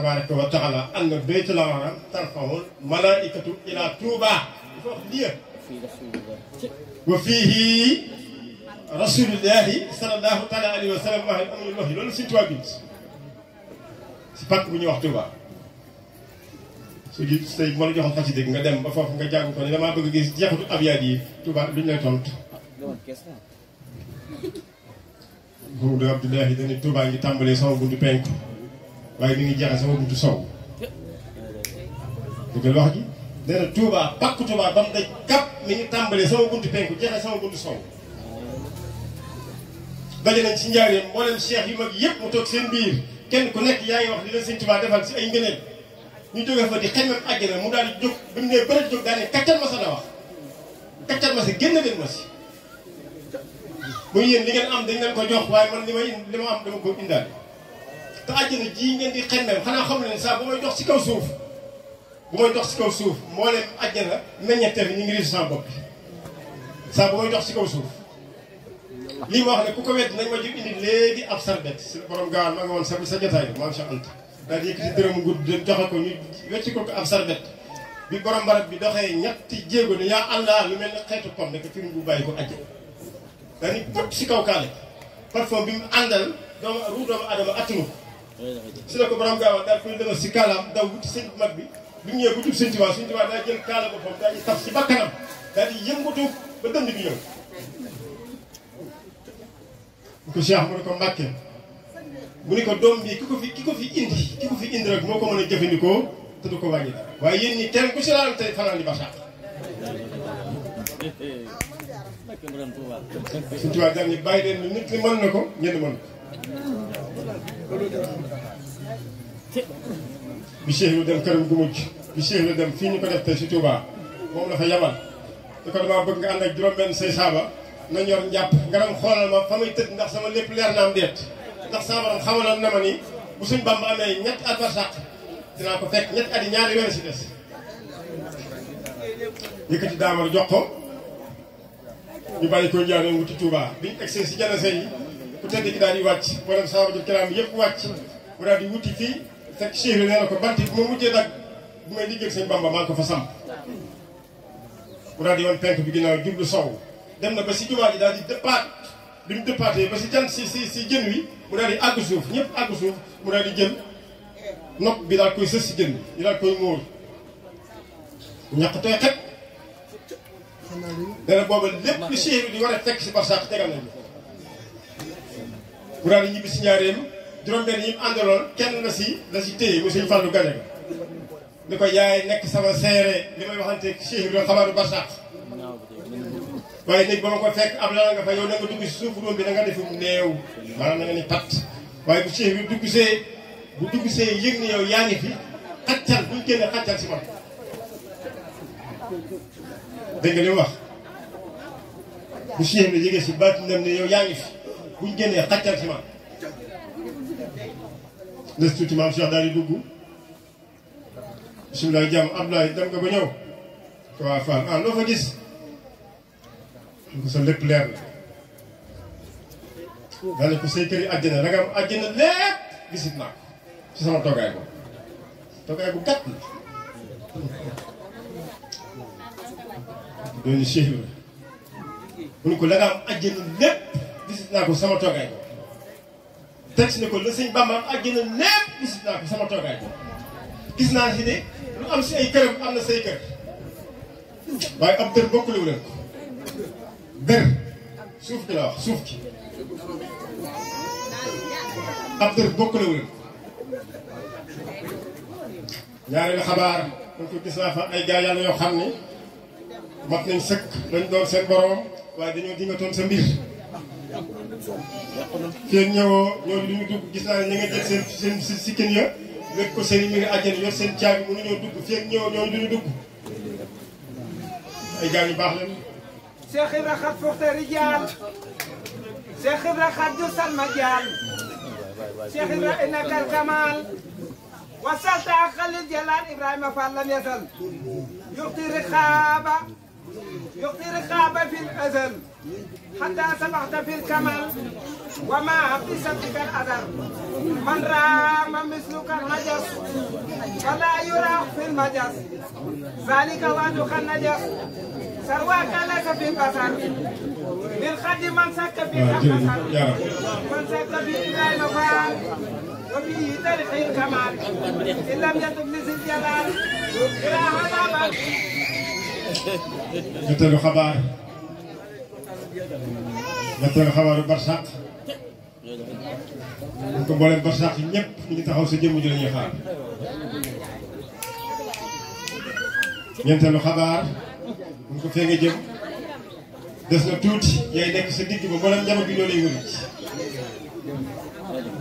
tabaraka wa taala anna baytul haram tarfahul malaikatu ila tuuba dafa wax lii wa fiihi rasulillahi sallallahu taala alayhi wa sallam waxee amul wax loolu suñ tubaab bind bu ñuy wax tuuba su gi say mën a joxoon fas nga dem ba foofu nga jàng ko ne damaa bëgg gis jeexutu abyaat yi tuuba luñ lay tontu buur abdullahi sama buntu penku waaye mi ngi jeexal sama buntu sow dëggal wax ji nee na Touba pàkk Touba ba mu daj kàpp mi ngi tàmbalee sama buntu penku jeexal sama buntu sow daje nañ ci njaareem mboolem cheikh yu mag yëpp mu toog seen biir kenn ku nekk yaa ngi wax li leen sëñ Touba defal si ay ngëneel ñu jóge fa di xemeem àjjana mu daal di jóg bi mu nee bëri jóg daal ne kaccal ma sa la wax kaccal ma si génn leen ma si bu yéen li ngeen am dañ leen ko jox waaye man li ma li ma te àjjana jii ngeen di xemmem xanaa xam leen saa bu may dox si kaw suuf bu may dox si kaw suuf moo leen ñu ngi risu sama bopp bi si kaw suuf wax ne ku ko wet nañ ma jub indi léegi ab sarbet si borom gaawaan ma nga woon sa di yëkkati dërëmu dem joxe bi borom barab bi doxee ñetti jéego ne lu mel ni xeetu pom ne ko mu bu bàyyi ko àjjana daal di put si kaw kaale parfum bi doomu adama attunu si la ko borom gaawal daal koy demal si kaalaam daw wuti sëñ bu mag bi bi mu bu jub sëñ Tuubaa sëñ Tuubaa daa jël kaala boppam daa di taf si bakkanam daa di yëngatu ba dënd bi ñëw bu ko Cheikh mu ne ko Mbàkke mu ne ko doom bi ko fi ki ko fi indi ki ko fi indi rek a jëfandikoo di basaat sëñ Tuubaa daal ni bàyyi leen nit ñi mën na ko ñenn mën bi Cheikh Ibra dem këram gu mujj bi Cheikh Ibra dem fii ñu ko def tey si Touba moom la fa yabal te ko damaa bëgg nga ànd ak juróom-benn say saaba na ñor njàpp nga dem xoolal ma fa may tëdd ndax sama lépp leer na am déet ndax saabaram xamaloon na ma ni bu suñ Bàmba amee ñett at ba sàq ko fekk ñett at ñaari weer si des yëkkati daamar jox ko ñu bàyyi ko jaaree wuti Touba biñ egg see si jana yi ku tedd ki daal di wàcc borom sahabatul kiram yëpp daal di wuti fii fekk Cheikh bi nee na ko bant bu ma mujjee dagg bu may liggéey sëñ Bamba maa ko fa samp mu daal di wan penk bi ginnaaw jublu sow dem na ba si jumaa ji daal di dëppaat bi mu dëppaatee ba si jant si si jën wi mu daal di àgg suuf ñëpp àgg suuf mu daal di jël nopp bi daal koy sës si jën wi ñu daal koy móor ñàkk tey xet dana booba lépp li Cheikh di war a fekk si barsax tegal nañ bu daal di ñibbi si njaareem juróom-benn yi mu àndaloon kenn la si la si téye mu sëñ Fallou Gane ga ni ko yaay nekk sama seere li may waxante Cheikh Ibrahima xabaaru barsàq waaye nit ma ko fekk ab na nga dugg si suuf róom bi na nga defum néew maanaam na nga ni pat waaye bu Cheikh dugg see bu dugg see yëg ni yow yaa ngi fi xaccal buñ génne xaccal si man dégg nga li wax bu Cheikh bi yëgee si baatinam ne yow yaa ngi fi buñ génnee xàccal ci maam des maam Cheikh daal di dugg bisimilah jàmm Abdoulaye dem nga ba ñëw waaw Fall ah loo fa gis ko leer la daal ko say kër yi sama toogaay ko toogaay bu gàtt la doon Cheikh la bu ñu ko gis naa ko sama toogaay ko teg si ne ko la sëñ bàmbaam àjjana népp gis naa ko sama toogaay gis naa si ne lu am si ay këram am na say kër waaye ab dër bokkule wu leen ko suuf ki la wax suuf ki ab dër bokkule wu leen ñaareelu xabaar dañ ko gis naa fa ay gaa yàlla yoo xam ne mat nañ sëkk dañ doon seen borom waaye dañoo dingatoon sa mbir seen ñëwoo ñoom li ñu dugg gis naa ne ña nga jël seen seen si sikkin ya wékk ko seen i mi ngi àjjana yor seen caabi mënu ñoo dugg feeg ñëwoo ñoom duñu dugg ay gaal yu baax lañu Cheikh Ibra xat fuxta rijaal Cheikh Ibra xat ju salma jaal Cheikh Ibra inakal kamal wasalta xalil jalaal Ibrahima Fall lam yasal yuxti riqaaba يقضي رقاب في الأذل حتى سمحت في الكمال وما في سبك الأذل من رام مثلك النجس فلا يرى في المجس ذلك وجهك النجس سرواك لك في البصر للخد من سك في البصر آه، من سك في إبراهيم فعل وفيه ترحي الكمال إن لم يتب لزي الجلال إلى عذابك jotalu xabaar jotalu xabaaru barsàq ñu ko booleen barsàq ñëpp ñu taxaw sa jëmm ji xaar ñeenteelu xabaar ñu ko fee jëm des na tuuti yaay nekk sa digg ba mboolem njaboot bi ñoo lay wëri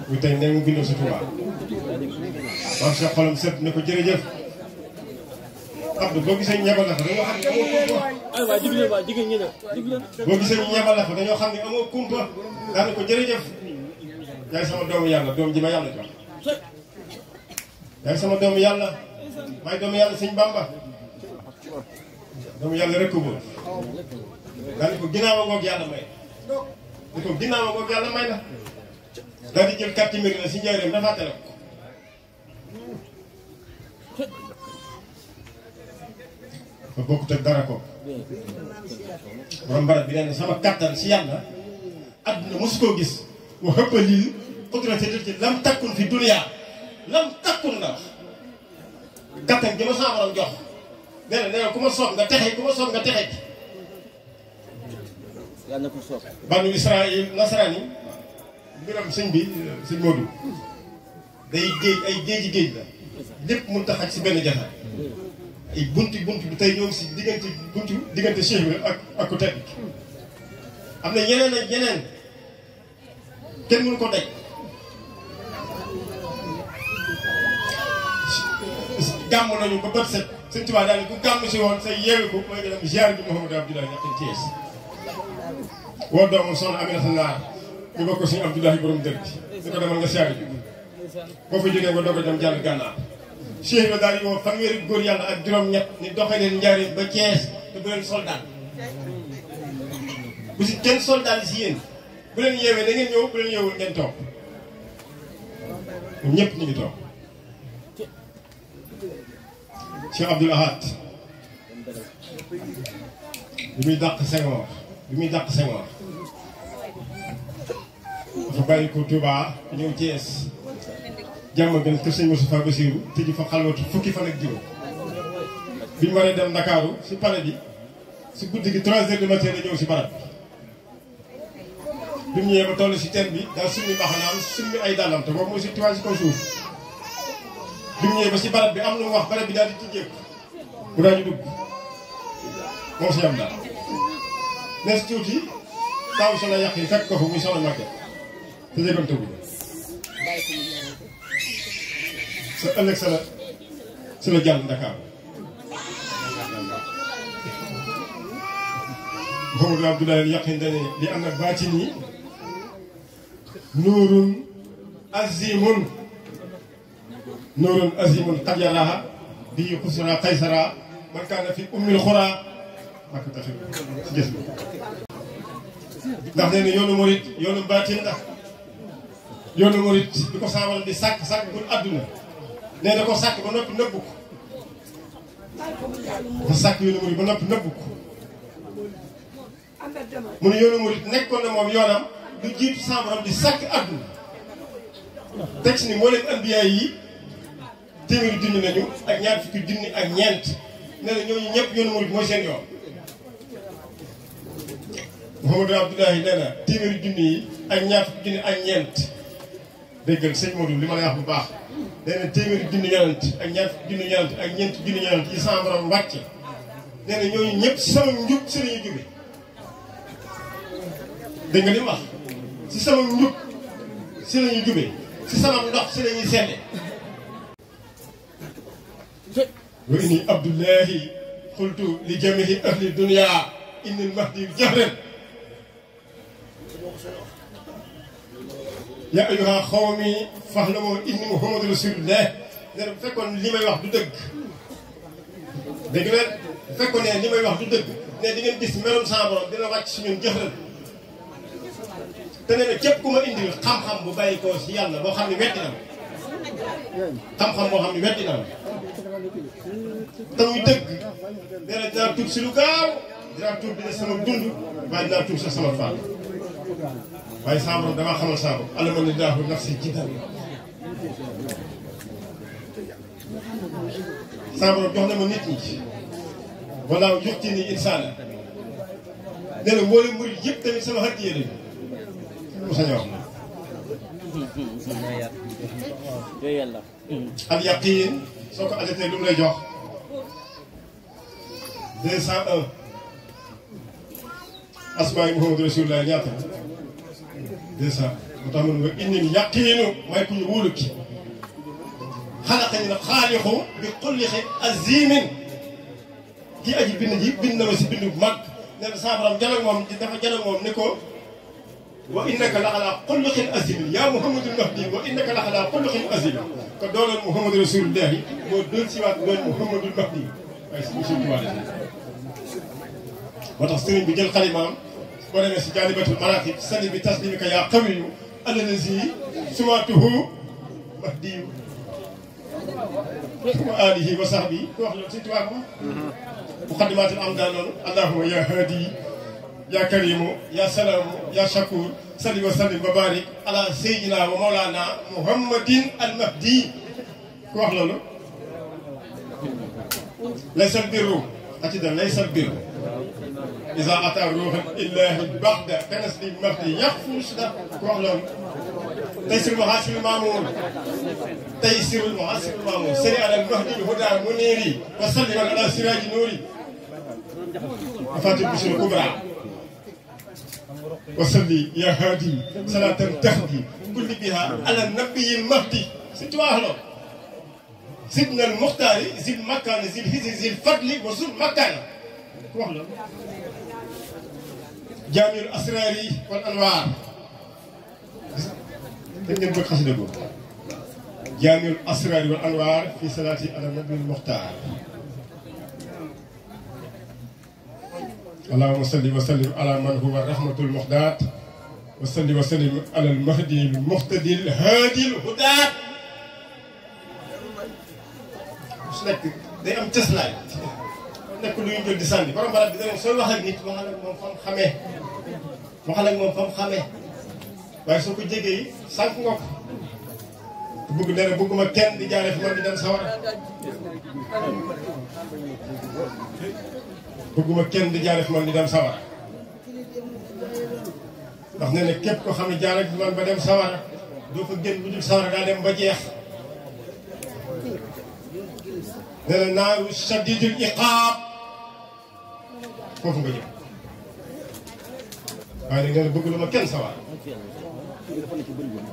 muy tey ne mu bindoo sa tubaab wax sa xolam sëpp ne ko jërëjëf Abdou boo gisee ñebalax dañoo jigéen waaw jigéen ñi la. boo gisee ñebalax dañoo xam ne amoo kumpa ah, daan ko jërëjëf. yaay sama doomu yàlla doom ji ma yàlla jox. yaay sama doomu yàlla may doomu yàlla sëñ Bamba. doomu yàlla rek ko bëgg. daan ko ginnaaw ngoog yàlla may. may la. jël carte mairie si njëriñam dafa tere ko. ba bokkut ak dara ko borom barab bi nee na sama kàttan si yàlla adduna mosu koo gis wa xëppa lii qudraté ci lam takkun fi dunia lam takkun la kàttan gi ma sama jox nee na ku ma soob nga texe ku ma soob nga texe ci yàlla na ko soob banu israil nasaraan yi mbiram sëñ bi sëñ Modou day géej ay géeji géej la lépp mun tax ak si benn jaxar ay bunti bunti tey ñoo ngi si diggante bunti diggante Cheikh bi ak ak ku tedd am na yeneen ak yeneen kenn mënu ko daj gàmm nañu ba bët set sëñ Tuubaa daal ku gàmm si woon sa yeewi ko mooy nga dem ziar bi Mouhamadou Abdoulaye Niakhine Thiès woo doomu soxna Aminata Naar ñu bokk ko suñu Abdoulaye borom dër bi ñu ko demal nga ziar bi boo fa jógee nga doog a dem jàll gànnaar Cheikh Ibrahima daal di woo fanweeri góor yàlla ak juróom-ñett ni doxee leen njariñ ba Thiès te bu leen soldat bu si kenn soldat si yéen bu leen yeewee da ngeen ñëw bu leen yeewul ngeen toog ñëpp ñu ngi toog bi muy dàq Senghor bi muy dàq Senghor dafa bàyyi ko Touba ñëw Thiès. jàmm gën kër sëñ Moustapha Bassirou tëj fa xalwatu fukki fan ak juróom biñu waree dem Ndakaaru si pare bi si guddi gi 3 heures ma matin la si barab bi mu ba toll si teen bi daal summi mbaxanaam summi ay dàllam moom mooy si tubaab si kaw suuf bi ba bi am lu mu wax barab bi daal di tijjeeku mu daal di dugg moo si am daal nees tuuti taw solo yàq yi fekk ko fa muy solo màgget te jëgante wu sa ëllëg sa la sa la jàll Dakar Mouhamadou Abdoulaye al yaqin dane li am na baatin yi nuurun bi xusra qaysara man kaana fi ummil xura maka taxi si gis ndax nee na yoonu murit yoonu baatin ndax yoonu murit di ko saawal di sàkk sàkk bul àdduna nee na ko sàkk ba noppi nëbbu ko dafa sàkk yoonu mu ne yoonu murit nekkoon na moom yoonam du jiitu sa di sàkk àdduna teg si ni moo leen anbiyaa yi téeméeri junni nañu ak ñaar fukki junni ak ñeent nee ñooñu ñëpp yoonu murit mooy seen yoon Mouhamadou Abdoulaye nee na téeméeri junni yi ak ñaar fukki junni ak ñeent déggal sëñ Modou li ma lay bu baax nee na téeméeri junni ak ñaar junni yonent ñeenti junni yonent yi sama borom wàcce nee na ñooñu ñëpp sama si la mu sama njub si la ñuy jube si sama ndox si la ñuy wa inni abdullahi xultu li jamihi ahli dunia innil mahdi jahran يا أيها خومي فهلمو إن محمد رسول الله نعم، فكون لما يوحد دك دكبر فكون لما يوحد دك دكبر بسم الله سابر دينا وقت من جهر تنين نعم، كيف كما إن دل خم خم بباي كوسيان بو خم يبتنا نعم. خم خم بو خم يبتنا تنو دك دينا جاب توب سلوكا جاب توب دينا سمك دون بعد جاب توب سمك فاتح waaye saa damaa xamal saa borom daahu nafsi jidan saa jox na ma nit ñi wala jox ci insaana nee na mboolem murid yëpp tamit sama xarit yéen mu sañ wax al soo ko adatee lu mu lay jox deux cent أسماء محمد رسول الله نياتا ديسا وتامن إن اليقين ما يكون يقولك خلق الخالق بكل عزيم دي أجي بن دي بن نوسي بن مك نبي صابر جلال مام دفع جلال مام نكو وإنك لعلى كل خير أزيم يا محمد المهدي وإنك لعلى كل خير أزيم كدولة محمد رسول الله ودون سواك من محمد المهدي أي سيدي سيدي سيدي سيدي سيدي سيدي boo demee si jaalibatul maratib sali bi taslimika yaa qawiyu alladi siwaatuhu mahdiyu wa alihi wa sahbi wax loolu si tubaab ma muqaddimatul am daa noonu allahuma ya haadi ya karimu ya salaamu ya shakur salli wa sallim wa barik ala sayyidina wa mawlana muhammadin al mahdi ku wax loolu laysa birru ati dan laysa birru إذا أتى روح الله بعد تنسليم مرتي يخفوش ده كعلم تيسير المحاسب المامون تيسير المحاسب المامون سري على المهدي الهدى منيري وسلم على سراج نوري أفاتي بشر الكبرى وصلي يا هادي صلاة تهدي كل بها على النبي المهدي ستواهلو سيدنا المختار زي المكان زي الهزي زي الفضل وزي المكان كوحلو جامي الأسرار والأنوار جامي قصده والأنوار في صلاة على النبي المختار اللهم صل وسلم على من هو رحمة المخدات وصلي وسلم على المهدي المهتدي الهادي الهدى مش لك دي ام تسلايت nekk lu ñu jël di sànni borom barab bi soo wax nit waxal ak moom fam xamee waxal waaye soo ko jege yi sànq nga ko bëgg dara bëgguma kenn di jaaree bëgguma kenn di jaaree fi man di dem sawara ndax nee na képp ko xam ne jaaree fi man ba dem sawara doo fa génn bu dul sawara daa dem ba jeex nee na naaru shadidul iqaab foofu waaye nag nee bëgg lu ma kenn sawaar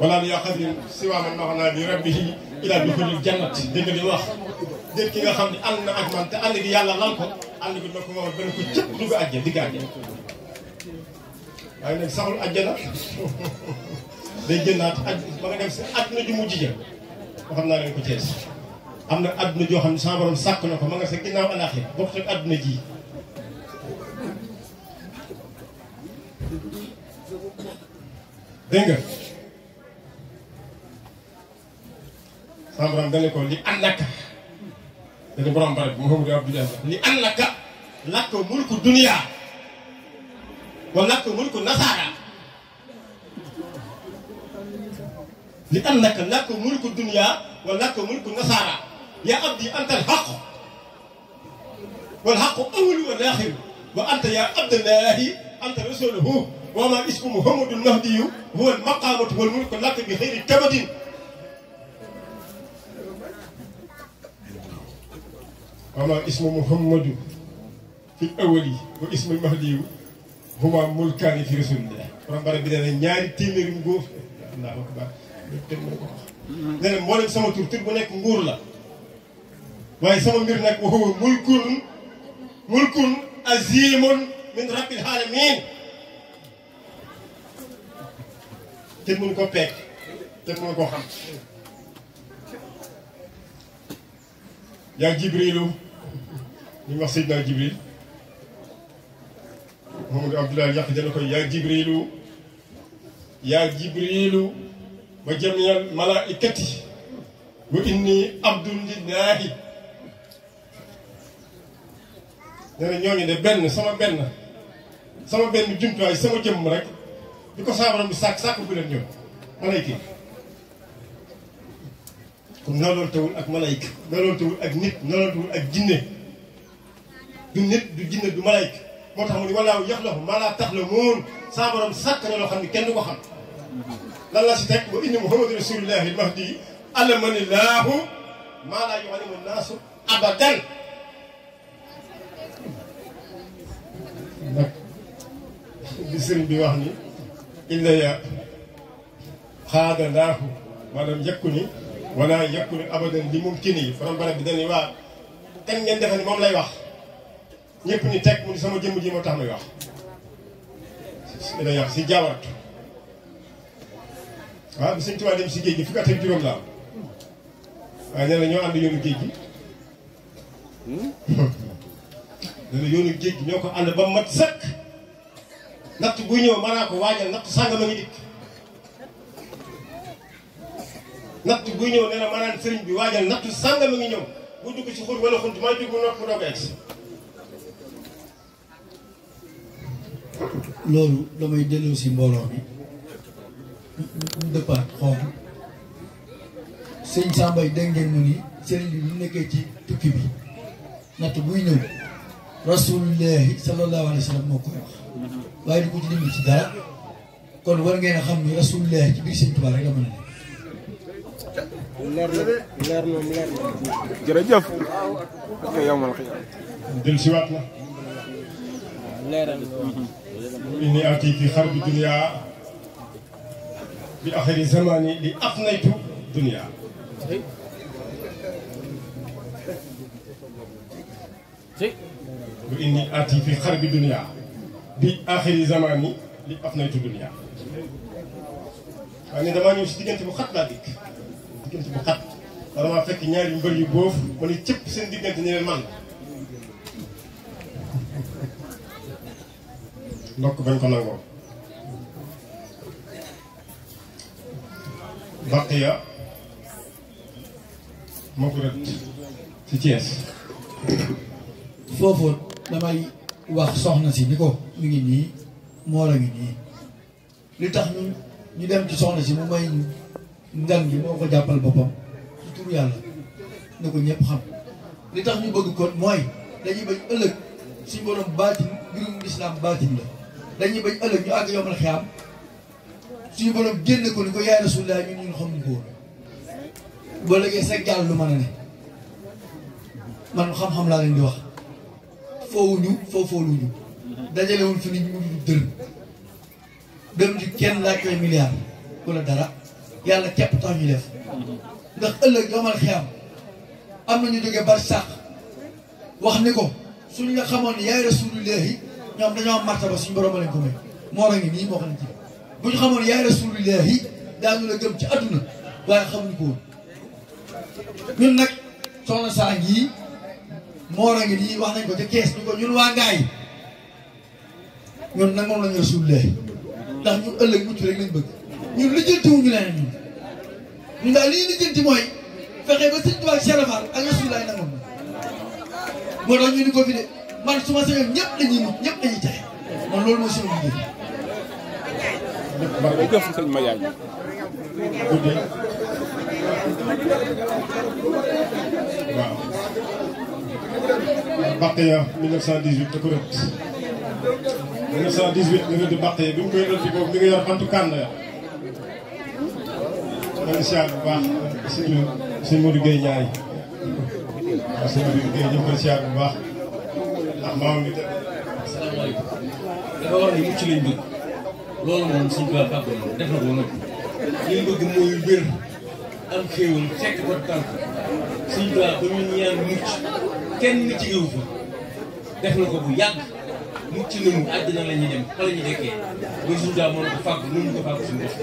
wala yaa xam ne si waa man rabbi yi ilaa bi xulil jannat dégg nga li wax nit ki ak man te ànd gi yàlla lal ko ànd gi nag wax benn ko cëpp dugg àjja digg àjja waaye nag saxul àjjana day jëndaat aj nga dem si àdduna ju mujj ja waxam naa leen ko Thiès am na àdduna joo xam ne sama borom na ko ma nga sa ginnaaw alaaxira bokk ak àdduna ji dégg nga sama borom dana ko li annaka dana borom bare bi Mouhamadou Abdoulaye li annaka lakka mulku dunia wa lakka mulku nasara li annaka lakka mulku dunia wa lakka mulku nasara ya abdi anta alhaq والحق أول والآخر وأنت يا عبد الله أنت رسوله وما اسم محمد المهدي هو المقامة والملك لك بخير كبد وما اسم محمد في الأول واسم المهدي هما ملكان في رسول الله ربنا بدنا نياري تيمير نغوف الله أكبر لأن مولك mboolem sama tur tur bu nekk nguur la waaye sama ملك nag wa huwa mulkun mulkun te mun ko peek te mun ko xam yaa jibrilu ñu wax Seydina Jibril Mamadou Abdoulaye yàq dana koy yaa jibrilu yaa jibrilu wa jamiyal malaikati wa inni abdulillahi nee na ñooñu de benn sama benn sama benn jumtuwaay sama jëmm rek bi ko saabaram bi sàkk sàkk bu leen ñoom malayka yi kon noonu tawul ak malayka noonu tawul ak nit noonu tawul ak jinne du nit du jinne du malayka moo tax mu ni walaaw yaxlaxu maa laa taxlamuun saabaram sàkk na loo xam ne kenn du ko xam lan la si teg wa inna muhammadu rasulillahi al mahdi alamanillahu maa laa yualimu naasu abadan nag di sëriñ bi wax ni إلا خادناه ولم يكن ولا يكن أبدا لممكني فربنا بدني waa kan ngeen defe ni moom lay wax ñëpp ni teg mu ni sama jëmm ji moo tax may wax lay si jaawaratu waaw bi Sëñ Tuubaa dem si géej gi fukki juróom laa waaye nee ñoo ànd yoonu géej gi hmm? nee yoonu géej gi ñoo ko ànd ba mat sëkk natt buy ñëw mën naa ko waajal natt sàngam a ngi dikk natt buy ñëw nee na maanaam sëriñ bi waajal natt sàngam a ngi ñëw bu dugg ci xur wala xunt may dugg nopp mu doog a egsi loolu damay dellu mbooloo bi mu dëppaat xool sëñ Sambay dégg ngeen mu ni sëriñ bi mu nekkee ci tukki bi natt buy ñëw rasulillahi sallallahu alayhi wa moo koy wax waaye du ko ci dimbali kon war ngeen a xam ni rasulullah ci biir a nekk. leer na leer na leer na. jërëjëf. ok na. inni ati fi xarbi dunia bi axiri zamani li afnaytu dunia. inni ati fi xarbi dunia. bi axiri zamaan yi li afnaytu dunya waaye damaa ñëw si diggante bu xat laa dikk diggante bu xat wala maa fekk ñaari mbër yu boof ma cëpp seen diggante ñu leen man ndokk bañ ko nangoo baqiya moo ko rëdd ci Thiès foofu damay wax soxna si ni ko mi ngi nii moo la ngi nii li tax ñu ñu dem ci soxna si mu may ngan gi moo ko jàppal boppam ci tur yàlla na ko ñëpp xam li tax ñu bëgg kon mooy dañuy bañ ëllëg suñ borom baatin mbirum lislaam baatin la dañuy bañ ëllëg ñu àgg yombal xiyaam suñu borom génne ko ni ko yaay rasulillah ñun ñun xamuñ ko woon boo lëgee sa jàll lu mën a ne man xam-xam laa leen di wax foowuñu ñu dajalewul fi nit ñu dërëm dërëm di kenn laaj koy milliard wala dara yàlla képp tax ñu def ndax ëllëg yomal xiyam am na ñu jógee bar sàq wax ni ko suñ la xamoon yaay rasulillahi ñoom dañoo am martaba suñu borom lañ ko may moo a ngi nii moo xam ne ci bu ñu xamoon yaay rasulillahi daañu la gëm ci adduna waaye xamuñ ko woon ñun nag soxna saa ngi moor a ngi nii wax nañ ko te kees ñu ko ñun waa ngaay ñun nag moom la ñu ndax ñun ëllëg mucc rek lañ bëgg ñun lijjanti wuñu leneen ñun ñun daal li lijjanti mooy fexe ba sëñ Tuubaa Serapal ak rasulilah nangoon na moo tax ñu ni ko fi de man su ma sañoon ñëpp dañuy mucc ñëpp dañuy man loolu mooy suñu liggéey. jërëjëf sëñ Bakhaya 1918 da ko rëdd 1918 nga rëdd Bakhaya bi mu koy rëdd boobu mi ngi yor bantu kànn ya man siyaar bu baax sëñ sëñ Modou Gueye Ndiaye waaw bu baax ndax maam mi tëdd asalaamaaleykum dafa wax ne mucc lañ bëgg loolu moom suñ ko fàgg def na ko nag liñ bëgg mooy wér kenn ni ci réew fa def na ko bu yàgg mucc nañu àddina la ñuy dem fa la ñuy dekkee ba jour ko fàgg mënuñu ko fàgg suñu bopp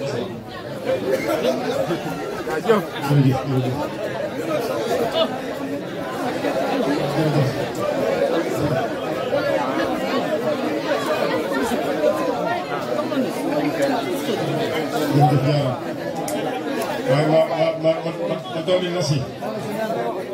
wasalaam. ma, ma, ma, ma, ma, ma, ma ma ma ma ma, ma, ma,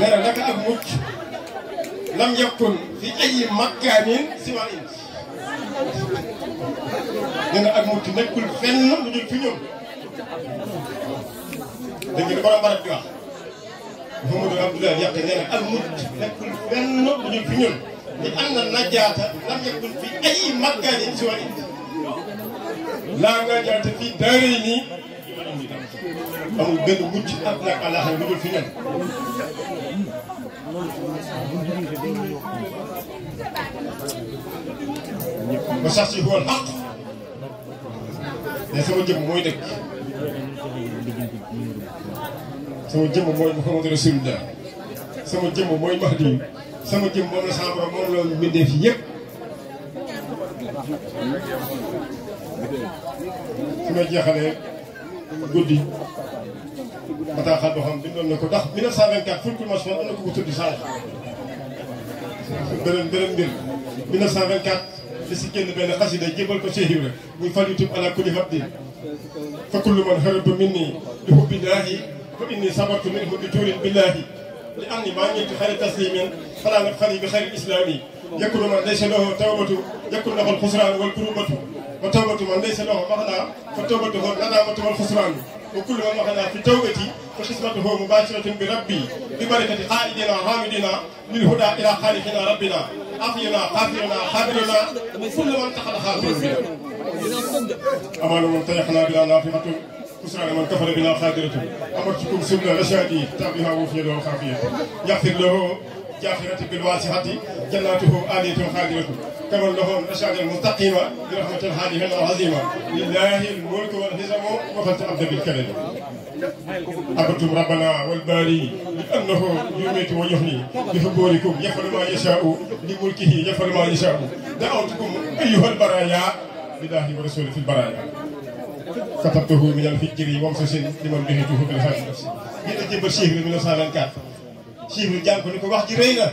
لرا لك أموت لم يكن في أي مكان سوى إنت لرا أموت نكل فن نجل في نيوم لكن برام برد جوا محمد عبد الله يقين لرا أموت نكل فن نجل في لأن النجاة لم يكن في أي مكان سوى إنت لا نجاة في داريني amul benn mucc àdduna ak àllaaxira lu dul fi ñun. ba sax si xool xaq ne sama jëmm mooy dëkk sama jëmm mooy Muhammadu Rasulullah sama jëmm mooy Mahdi sama jëmm moom la sama borom yëpp. su ma jeexalee guddi. bataaxal boo xam bindoon na ko ndax 1924 fulkul masfor am na ko ko tudd sànq beneen beneen mbir 1924 li si génn benn xasida jébal ko Cheikh Ibra muy fal yutub ala kulli fabdi fa kullu man haraba minni li hubbillahi fa inni sabartu minhu bi tuurin billahi li am ni maa ñetti xari taslimin xanaa nag xari bi xari islami يكون من ليس له توبة يكون له الخسران والكروبة وتوبة من ليس له مغنى فتوبته الندامة والخسران وكل ما وهنا في توبتي فخصمته مباشرة بربي ببركة قائدنا رامدنا للهدى إلى خالقنا ربنا أخينا قافلنا حبلنا كل من اتخذ خاطر أمان من طيحنا بلا نافقة أسرع من كفر بلا خادرة أمرتكم سبل رشادي تابها وفيا له خافية يغفر له جاخرة بالواسحة جناته آلية خادرة كما له أشعر المستقيمة برحمة هذه العظيمة لله الملك والهزم عبد بالكلم عبدتم ربنا والباري لانه يميت ويهني بحبوركم يفعل ما يشاء لملكه يفعل ما يشاء دعوتكم أيها البرايا لله ورسوله في البرايا كتبته من الفجر ومسس لمن بهته بهجوه من الجبر بشيخ من 1924 شيخ جانكو نكو واخ جي رينا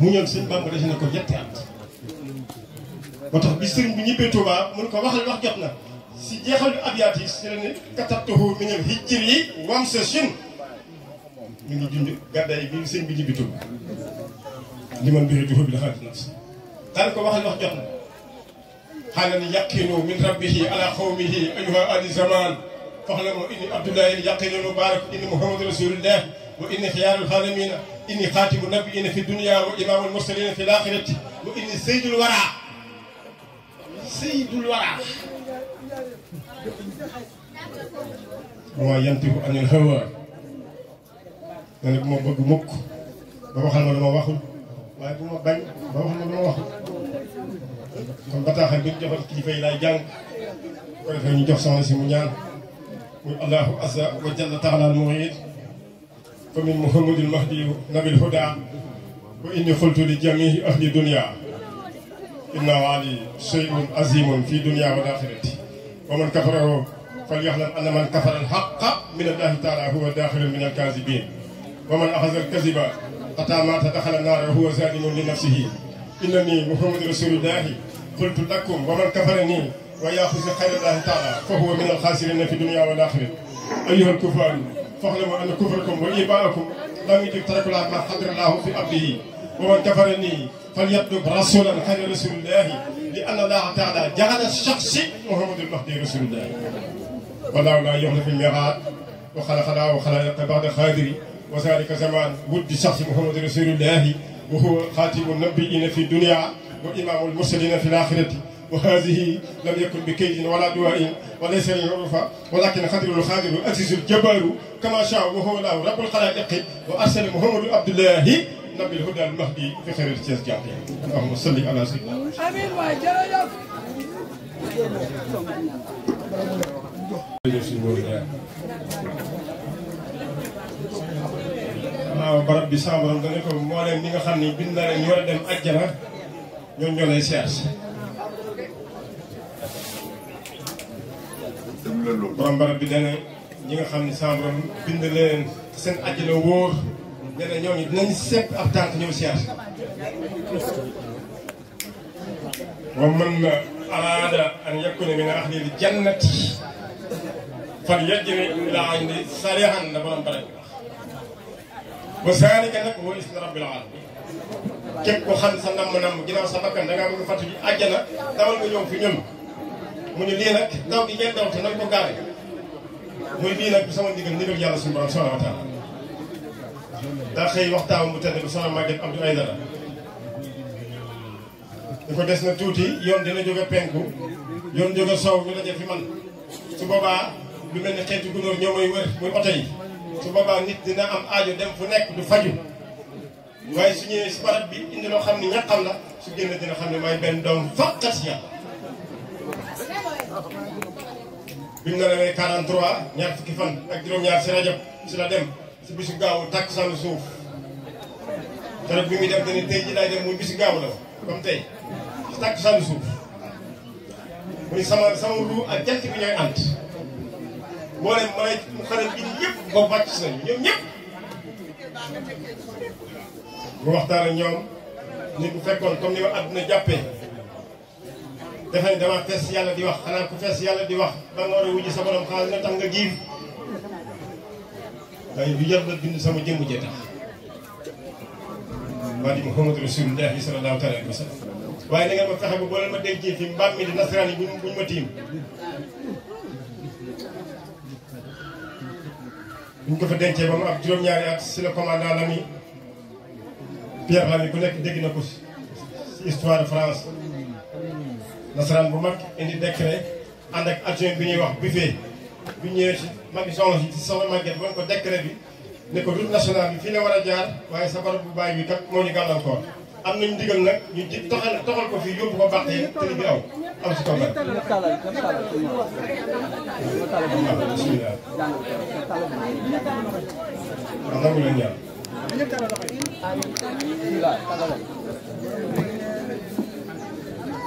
mu ñëw sëñ Bamba def na ko ñetti at moo tax bi sëriñ bi ñibbee Touba mun ko waxal wax jot na si jeexal yu abyaat yi si la ne katabtahu min al hijr yi wam sa sin mi ngi junj gàddaay bi sëñ bi ñibbi Touba li man mbiri duxu bi la xaati nafs daan ko waxal wax jot na xaalan yaqinu min rabbihi ala xawmihi ayuha ali zaman faxlamu inni abdullahi yaqinu mubarak inni muhammadu rasulillah wa inni xiyaarul xaalamina إني خاتم النبي إن في الدنيا وإمام المرسلين في الآخرة وإني سيد الورع سيد الورع هو ينتهي عن الهوى أنا بمو بقو مك بروح على ما واخد واي بمو بن بروح على ما واخد كم بتاع خبيت جبر كيف إلى جان كيف ينجح سامي سمنيان الله عز وجل تعالى المعيد ومن محمد المهدي نبي الهدى وإني قلت لجميع أهل الدنيا إن علي شيء عظيم في دنيا والآخرة ومن كفره فليعلم أن من كفر الحق من الله تعالى هو داخل من الكاذبين ومن أخذ الكذب حتى مات دخل النار وهو زادم لنفسه إنني محمد رسول الله قلت لكم ومن كفرني ويأخذ خير الله تعالى فهو من الخاسرين في الدنيا والآخرة أيها الكفار فاعلموا أن كفركم وإيمانكم لم يجب ترك ما حضر الله في أمره ومن كفرني فليطلب رسولا خير رسول الله لأن الله تعالى جعل الشخص محمد المهدي رسول الله والله لا يخلف الميعاد وخلقنا وخلائق بعد خادر وذلك زمان ود شخص محمد رسول الله وهو خاتم النبيين في الدنيا وإمام المرسلين في الآخرة وهذه لم يكن بكيد ولا دواء وليس للعرفة ولكن خدر الخادر عزيز الجبار كما شاء وهو له رب الخلائق وأرسل محمد عبد الله نبي الهدى المهدي في خير الجزء جاطية اللهم صل على سيدنا آمين وجايف waaw barab bi saa borom da ne ko moo leen ñi nga xam ni bind na leen borom barab bi dana ñi nga xam ne sama borom bind leen seen àjjana wóor dana ñooñu dinañ sepp ab tànk ñëw siyaar wa man araada an yakuna min ahlil jannati fal yajri ila indi salihan la borom barab bi wax ba saalika nag wa ismi rabbil alamin képp ko xam sa namm-namm ginnaaw sa bakkan da ngaa bëgg fàttali àjjana dawal nga ñëw fi ñun mu ne lii nag daw gi ngeen daw te nañ ko gaare muy lii nag bi sama ndigal ndigal yàlla suñu borom subhanahu wa taala xëy waxtaan bu tedd bi soxna Maguette Abdou Aïdara di ko des na tuuti yoon dina jóge penku yoon jóge soow ñu daje fi man su boobaa lu mel ni xeetu gunóor ñoo may wër muy oto yi su boobaa nit dina am aajo dem fu nekk du faju waaye su ñëwee si bi indi loo xam ne ñaqam la su génn dina xam ne may benn doom faqat yàlla biñ la demee 43 ñaar fukki fan ak juróom-ñaar si rajab si la dem si bisu gaaw tàkkusaanu suuf keroog bi muy dem te ni tey ji daay dem muy bisu gaaw la comme tey si tàkkusaanu suuf mu ni sama sama lu ak jant bi ñooy ànd mboolem mala mu xare bi yëpp boobu wàcc si nañu ñëpp mu waxtaan ak ñoom ni bu fekkoon comme ni ma àdduna jàppee dafay dama fees yàlla di wax xanaa ku fees yàlla di wax ba war a wujji sa borom xaalis na tax nga giif waaye lu yàlla bind sama jëmm jee tax fi mi di nasaraan yi buñ buñ ma tiim buñ ko fa dencee ba mu ab juróom-ñaari at si la commandant la mi Pierre la mi ku nekk dégg na ko si histoire de France nasaraan bu mag indi décret ànd ak adjoint bi ñuy wax buffet bi ñëwee ci Macky soxna si soxna Maguette wan ko décret bi ne ko route nationale bi fii la war a jaar waaye sa barab bu bàyyi bi kat moo ñu gàllankoor am nañu ndigal nag ñu ji toxal toxal ko fii yóbbu ko bàqee tëli bi aw am si combat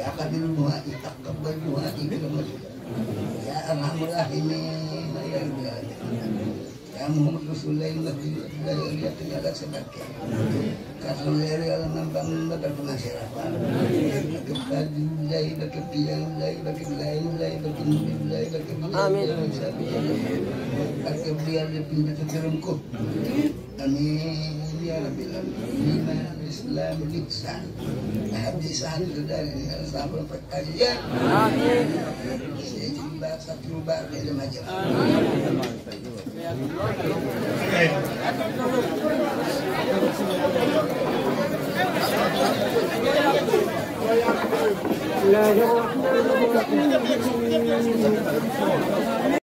ya kadil mua itak kabay mua ikil ya alhamdulillah ini ya Muhammad Rasulullah dari dia tinggalkan sebagai kalau dari alam bangun dan pengasyarapan bagi baju mulai bagi biang mulai bagi mulai mulai bagi mulai bagi mulai bagi biang lebih dari terungkup ya, amin ya Rabbil Alamin Islam niksan itu dari sama pekerja sehingga bahasa berubah dari macam Bismillahirrahmanirrahim.